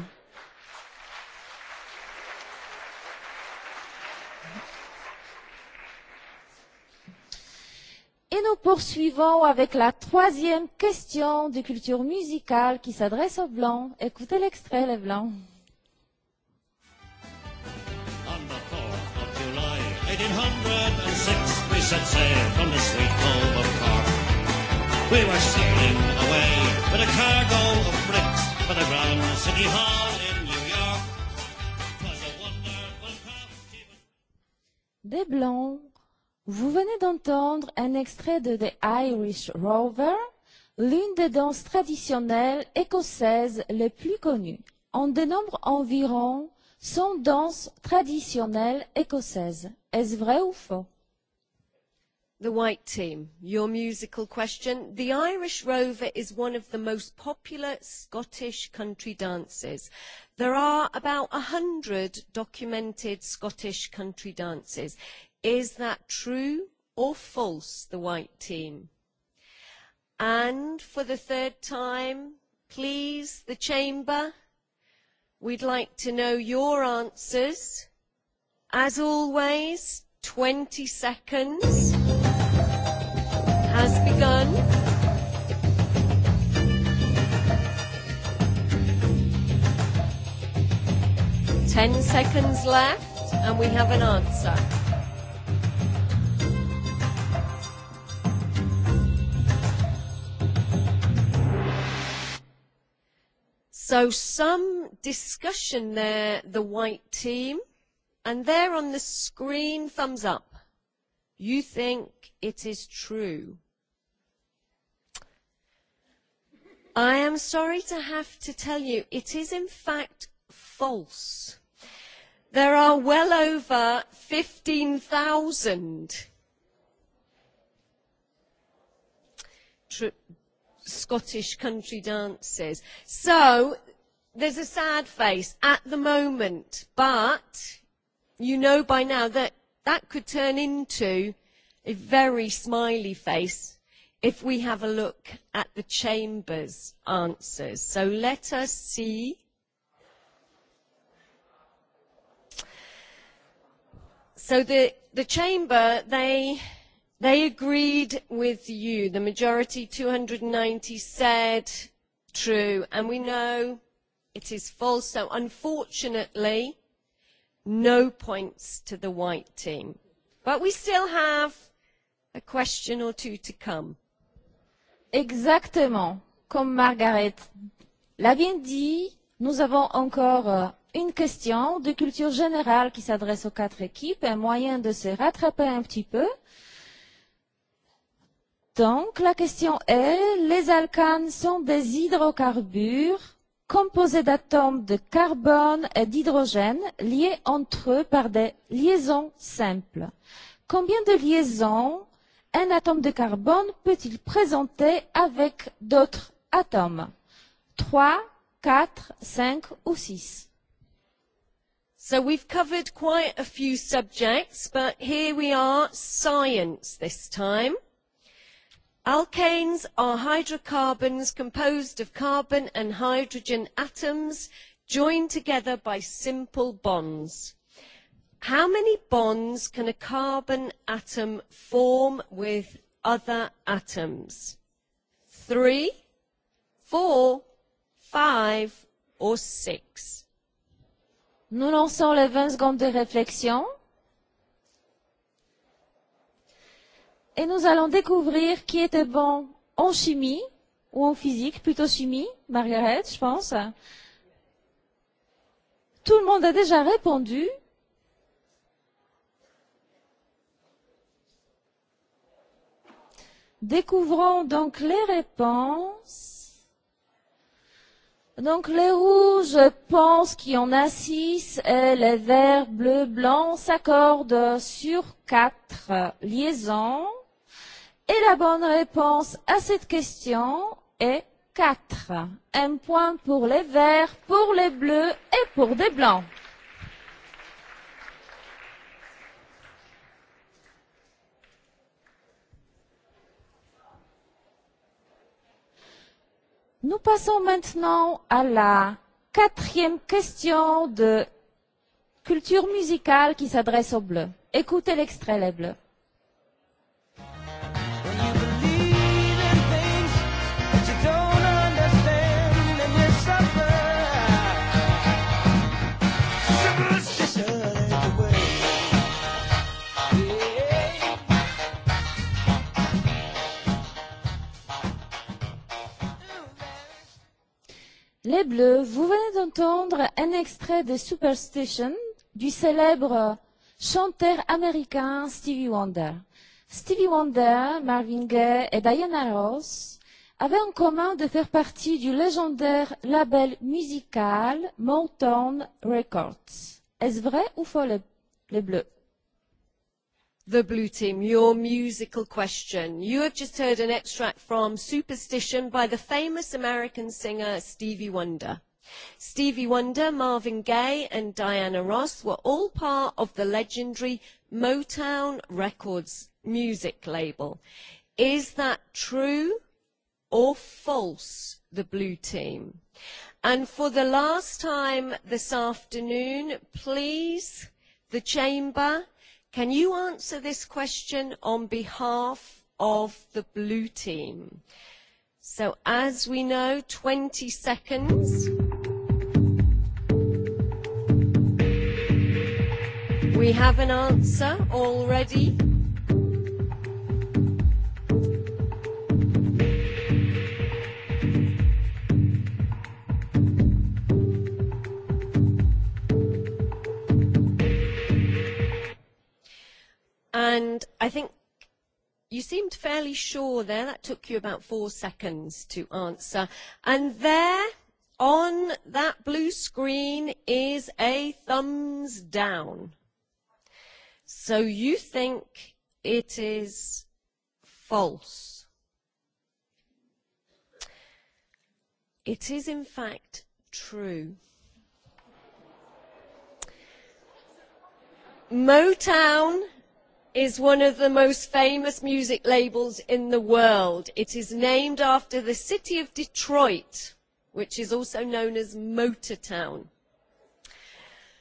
Et nous poursuivons avec la troisième question de culture musicale qui s'adresse aux Blancs. Écoutez l'extrait, les Blancs. Des Blancs Vous venez d'entendre un extrait de The Irish Rover, l'une des danses traditionnelles écossaises les plus connues. On dénombre environ 100 danses traditionnelles écossaises. Est-ce vrai ou faux?
The White Team, your musical question. The Irish Rover is one of the most popular Scottish country dances. There are about a hundred documented Scottish country dances. Is that true or false, the white team? And for the third time, please, the chamber, we'd like to know your answers. As always, 20 seconds has begun. Ten seconds left, and we have an answer. So some discussion there, the white team. And there on the screen, thumbs up. You think it is true. I am sorry to have to tell you, it is in fact false. There are well over 15,000 Scottish country dances. So there's a sad face at the moment, but you know by now that that could turn into a very smiley face if we have a look at the Chamber's answers. So let us see. So the Chamber, they They agreed with you. The majority, 290, said true. And we know it is false. So unfortunately, no points to the white team. But we still have a question or two to come.
Exactement. Comme Margaret l'a bien dit, nous avons encore une question de culture générale qui s'adresse aux quatre équipes, un moyen de se rattraper un petit peu. Donc, la question est, les alcanes sont des hydrocarbures composés d'atomes de carbone et d'hydrogène liés entre eux par des liaisons simples. Combien de liaisons un atome de carbone peut-il présenter avec d'autres atomes 3,
4, 5 ou 6 So we've covered quite a few subjects, but here we are, science this time. Alkanes are hydrocarbons composed of carbon and hydrogen atoms joined together by simple bonds. How many bonds can a carbon atom form with other atoms? Three, four, five, or six? Nous lançons les 20 secondes
de réflexion. et nous allons découvrir qui était bon en chimie ou en physique, plutôt chimie, Margaret, je pense. Tout le monde a déjà répondu. Découvrons donc les réponses. Donc les rouges, pensent qu'il y en a six, et les verts, bleus, blancs s'accordent sur quatre liaisons. Et la bonne réponse à cette question est 4. Un point pour les verts, pour les bleus et pour des blancs. Nous passons maintenant à la quatrième question de culture musicale qui s'adresse aux bleus. Écoutez l'extrait les bleus. Bleu, vous venez d'entendre un extrait de Superstition du célèbre chanteur américain Stevie Wonder. Stevie Wonder, Marvin Gaye et Diana Ross avaient en commun de faire partie du légendaire label musical Mountain Records. Est-ce vrai ou faux
les bleus the blue team, your musical question. You have just heard an extract from Superstition by the famous American singer Stevie Wonder. Stevie Wonder, Marvin Gaye and Diana Ross were all part of the legendary Motown Records music label. Is that true or false, the blue team? And for the last time this afternoon, please, the chamber Can you answer this question on behalf of the blue team? So as we know, 20 seconds. We have an answer already. And I think you seemed fairly sure there. That took you about four seconds to answer. And there on that blue screen is a thumbs down. So you think it is false. It is in fact true. Motown is one of the most famous music labels in the world. It is named after the city of Detroit, which is also known as Motortown.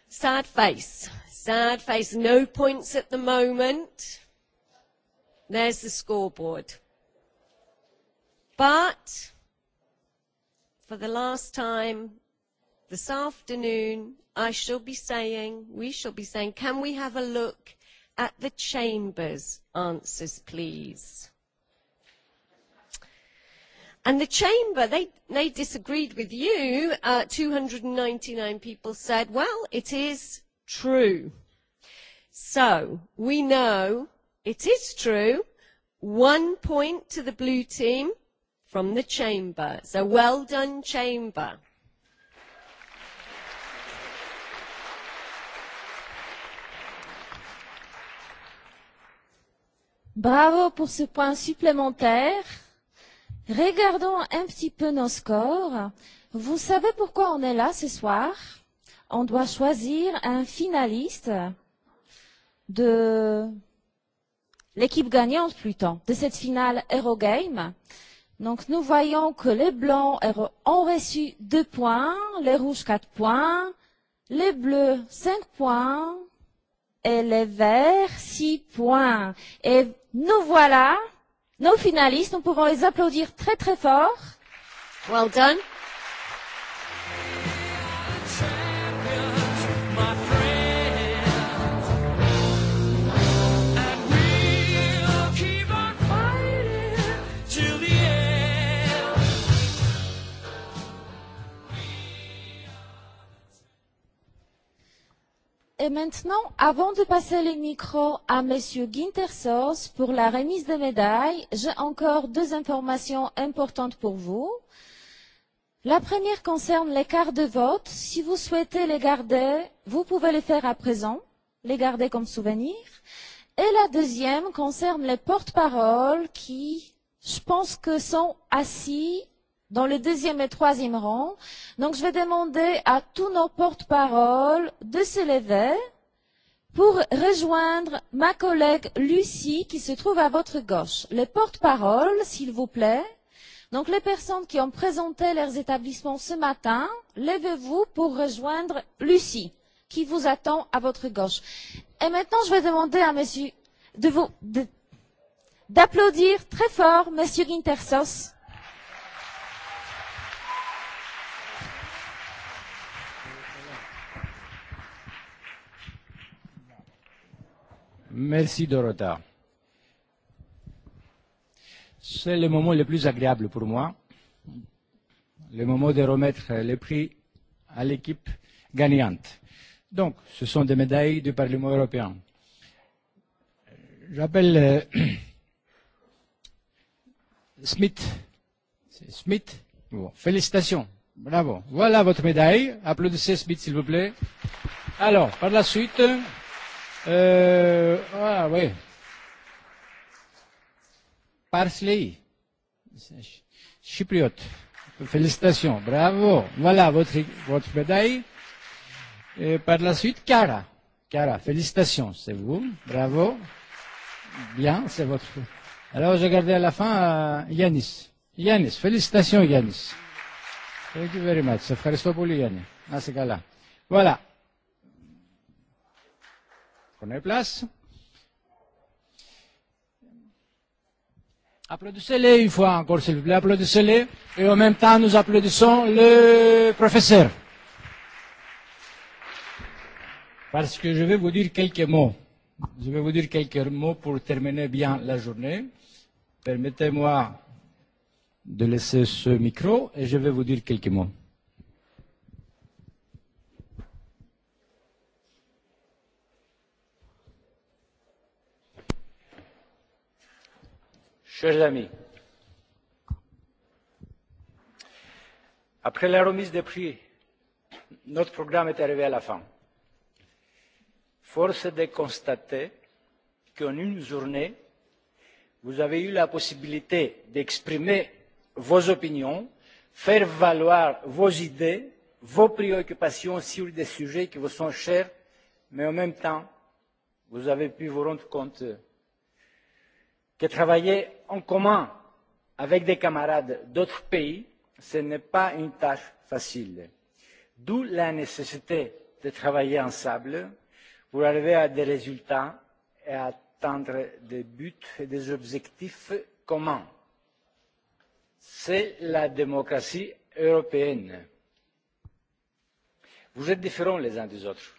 Sad face. Sad face. No points at the moment. There's the scoreboard. But for the last time this afternoon, I shall be saying, we shall be saying, can we have a look at the Chamber's answers, please. And the Chamber, they, they disagreed with you. Uh, 299 people said, well, it is true. So we know it is true. One point to the blue team from the Chamber. So well done, Chamber.
Bravo pour ce point supplémentaire. Regardons un petit peu nos scores. Vous savez pourquoi on est là ce soir On doit choisir un finaliste de l'équipe gagnante plutôt de cette finale Eurogame. Donc nous voyons que les blancs ont reçu deux points, les rouges quatre points, les bleus cinq points et les verts, 6 points. Et nous voilà, nos finalistes, nous pouvons les applaudir très très fort. Well done. Et maintenant, avant de passer le micro à Monsieur Gintersos pour la remise des médailles, j'ai encore deux informations importantes pour vous. La première concerne les cartes de vote. Si vous souhaitez les garder, vous pouvez les faire à présent, les garder comme souvenir. Et la deuxième concerne les porte-paroles qui, je pense que sont assis dans le deuxième et troisième rang. Donc, je vais demander à tous nos porte-paroles de se lever pour rejoindre ma collègue Lucie qui se trouve à votre gauche. Les porte-paroles, s'il vous plaît. Donc, les personnes qui ont présenté leurs établissements ce matin, levez-vous pour rejoindre Lucie qui vous attend à votre gauche. Et maintenant, je vais demander à monsieur de vous, d'applaudir très fort monsieur Guintersos
Merci Dorota. C'est le moment le plus agréable pour moi, le moment de remettre les prix à l'équipe gagnante. Donc, ce sont des médailles du Parlement européen. J'appelle Smith. Smith. Bon, félicitations. Bravo. Voilà votre médaille. Applaudissez Smith, s'il vous plaît. Alors, par la suite. Euh, ah oui. Parsley. Chypriote. Félicitations. Bravo. Voilà votre, votre médaille. Et par la suite, Cara. Cara, félicitations. C'est vous. Bravo. Bien, c'est votre. Alors, je gardé à la fin euh, Yanis. Yanis, félicitations Yanis. Thank you very much. Ευχαριστώ πολύ Yanis. Voilà. Prenez place. Applaudissez-les une fois encore, s'il vous plaît. Applaudissez-les. Et en même temps, nous applaudissons le professeur. Parce que je vais vous dire quelques mots. Je vais vous dire quelques mots pour terminer bien la journée. Permettez-moi de laisser ce micro et je vais vous dire quelques mots. chers amis après la remise des prix notre programme est arrivé à la fin. force est de constater qu'en une journée vous avez eu la possibilité d'exprimer vos opinions faire valoir vos idées vos préoccupations sur des sujets qui vous sont chers mais en même temps vous avez pu vous rendre compte que travailler en commun avec des camarades d'autres pays, ce n'est pas une tâche facile. D'où la nécessité de travailler ensemble pour arriver à des résultats et à atteindre des buts et des objectifs communs. C'est la démocratie européenne. Vous êtes différents les uns des autres.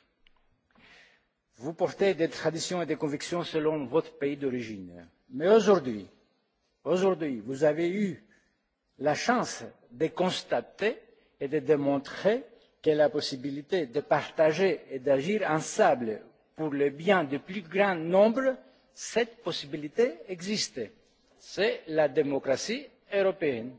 Vous portez des traditions et des convictions selon votre pays d'origine Mais aujourd'hui, aujourd'hui, vous avez eu la chance de constater et de démontrer que la possibilité de partager et d'agir ensemble pour le bien du plus grand nombre, cette possibilité existe. C'est la démocratie européenne.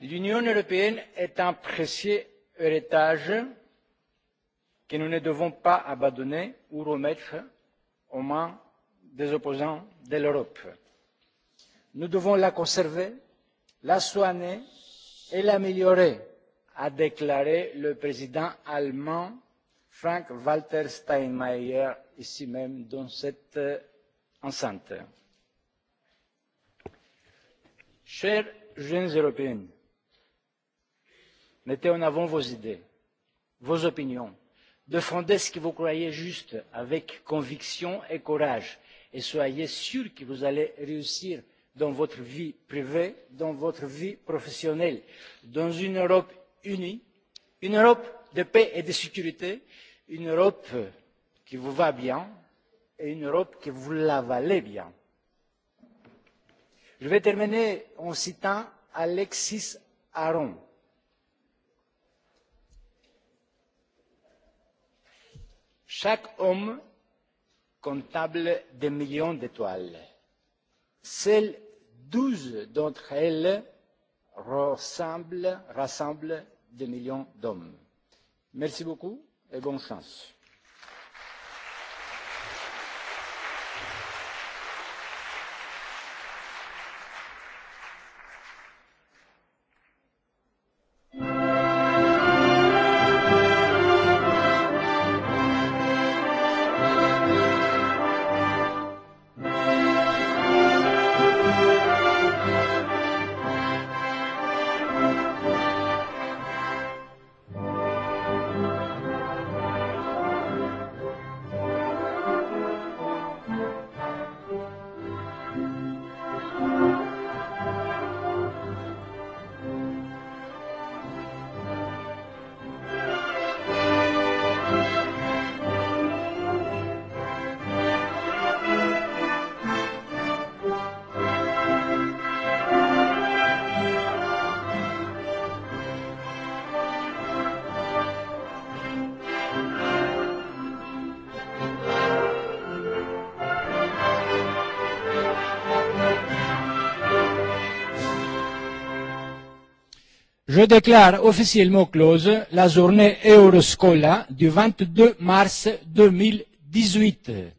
L'Union européenne est un précieux héritage que nous ne devons pas abandonner ou remettre aux mains des opposants de l'Europe. Nous devons la conserver, la soigner et l'améliorer, a déclaré le président allemand Frank Walter Steinmeier ici même dans cette enceinte. Chers jeunes européens, mettez en avant vos idées, vos opinions, défendez ce que vous croyez juste avec conviction et courage et soyez sûrs que vous allez réussir dans votre vie privée dans votre vie professionnelle dans une europe unie une europe de paix et de sécurité une europe qui vous va bien et une europe qui vous l'avalez bien. je vais terminer en citant alexis aron Chaque homme comptable des millions d'étoiles. Seules douze d'entre elles rassemblent des millions d'hommes. Merci beaucoup et bonne chance. Je déclare officiellement close la journée Euroscola du 22 mars 2018.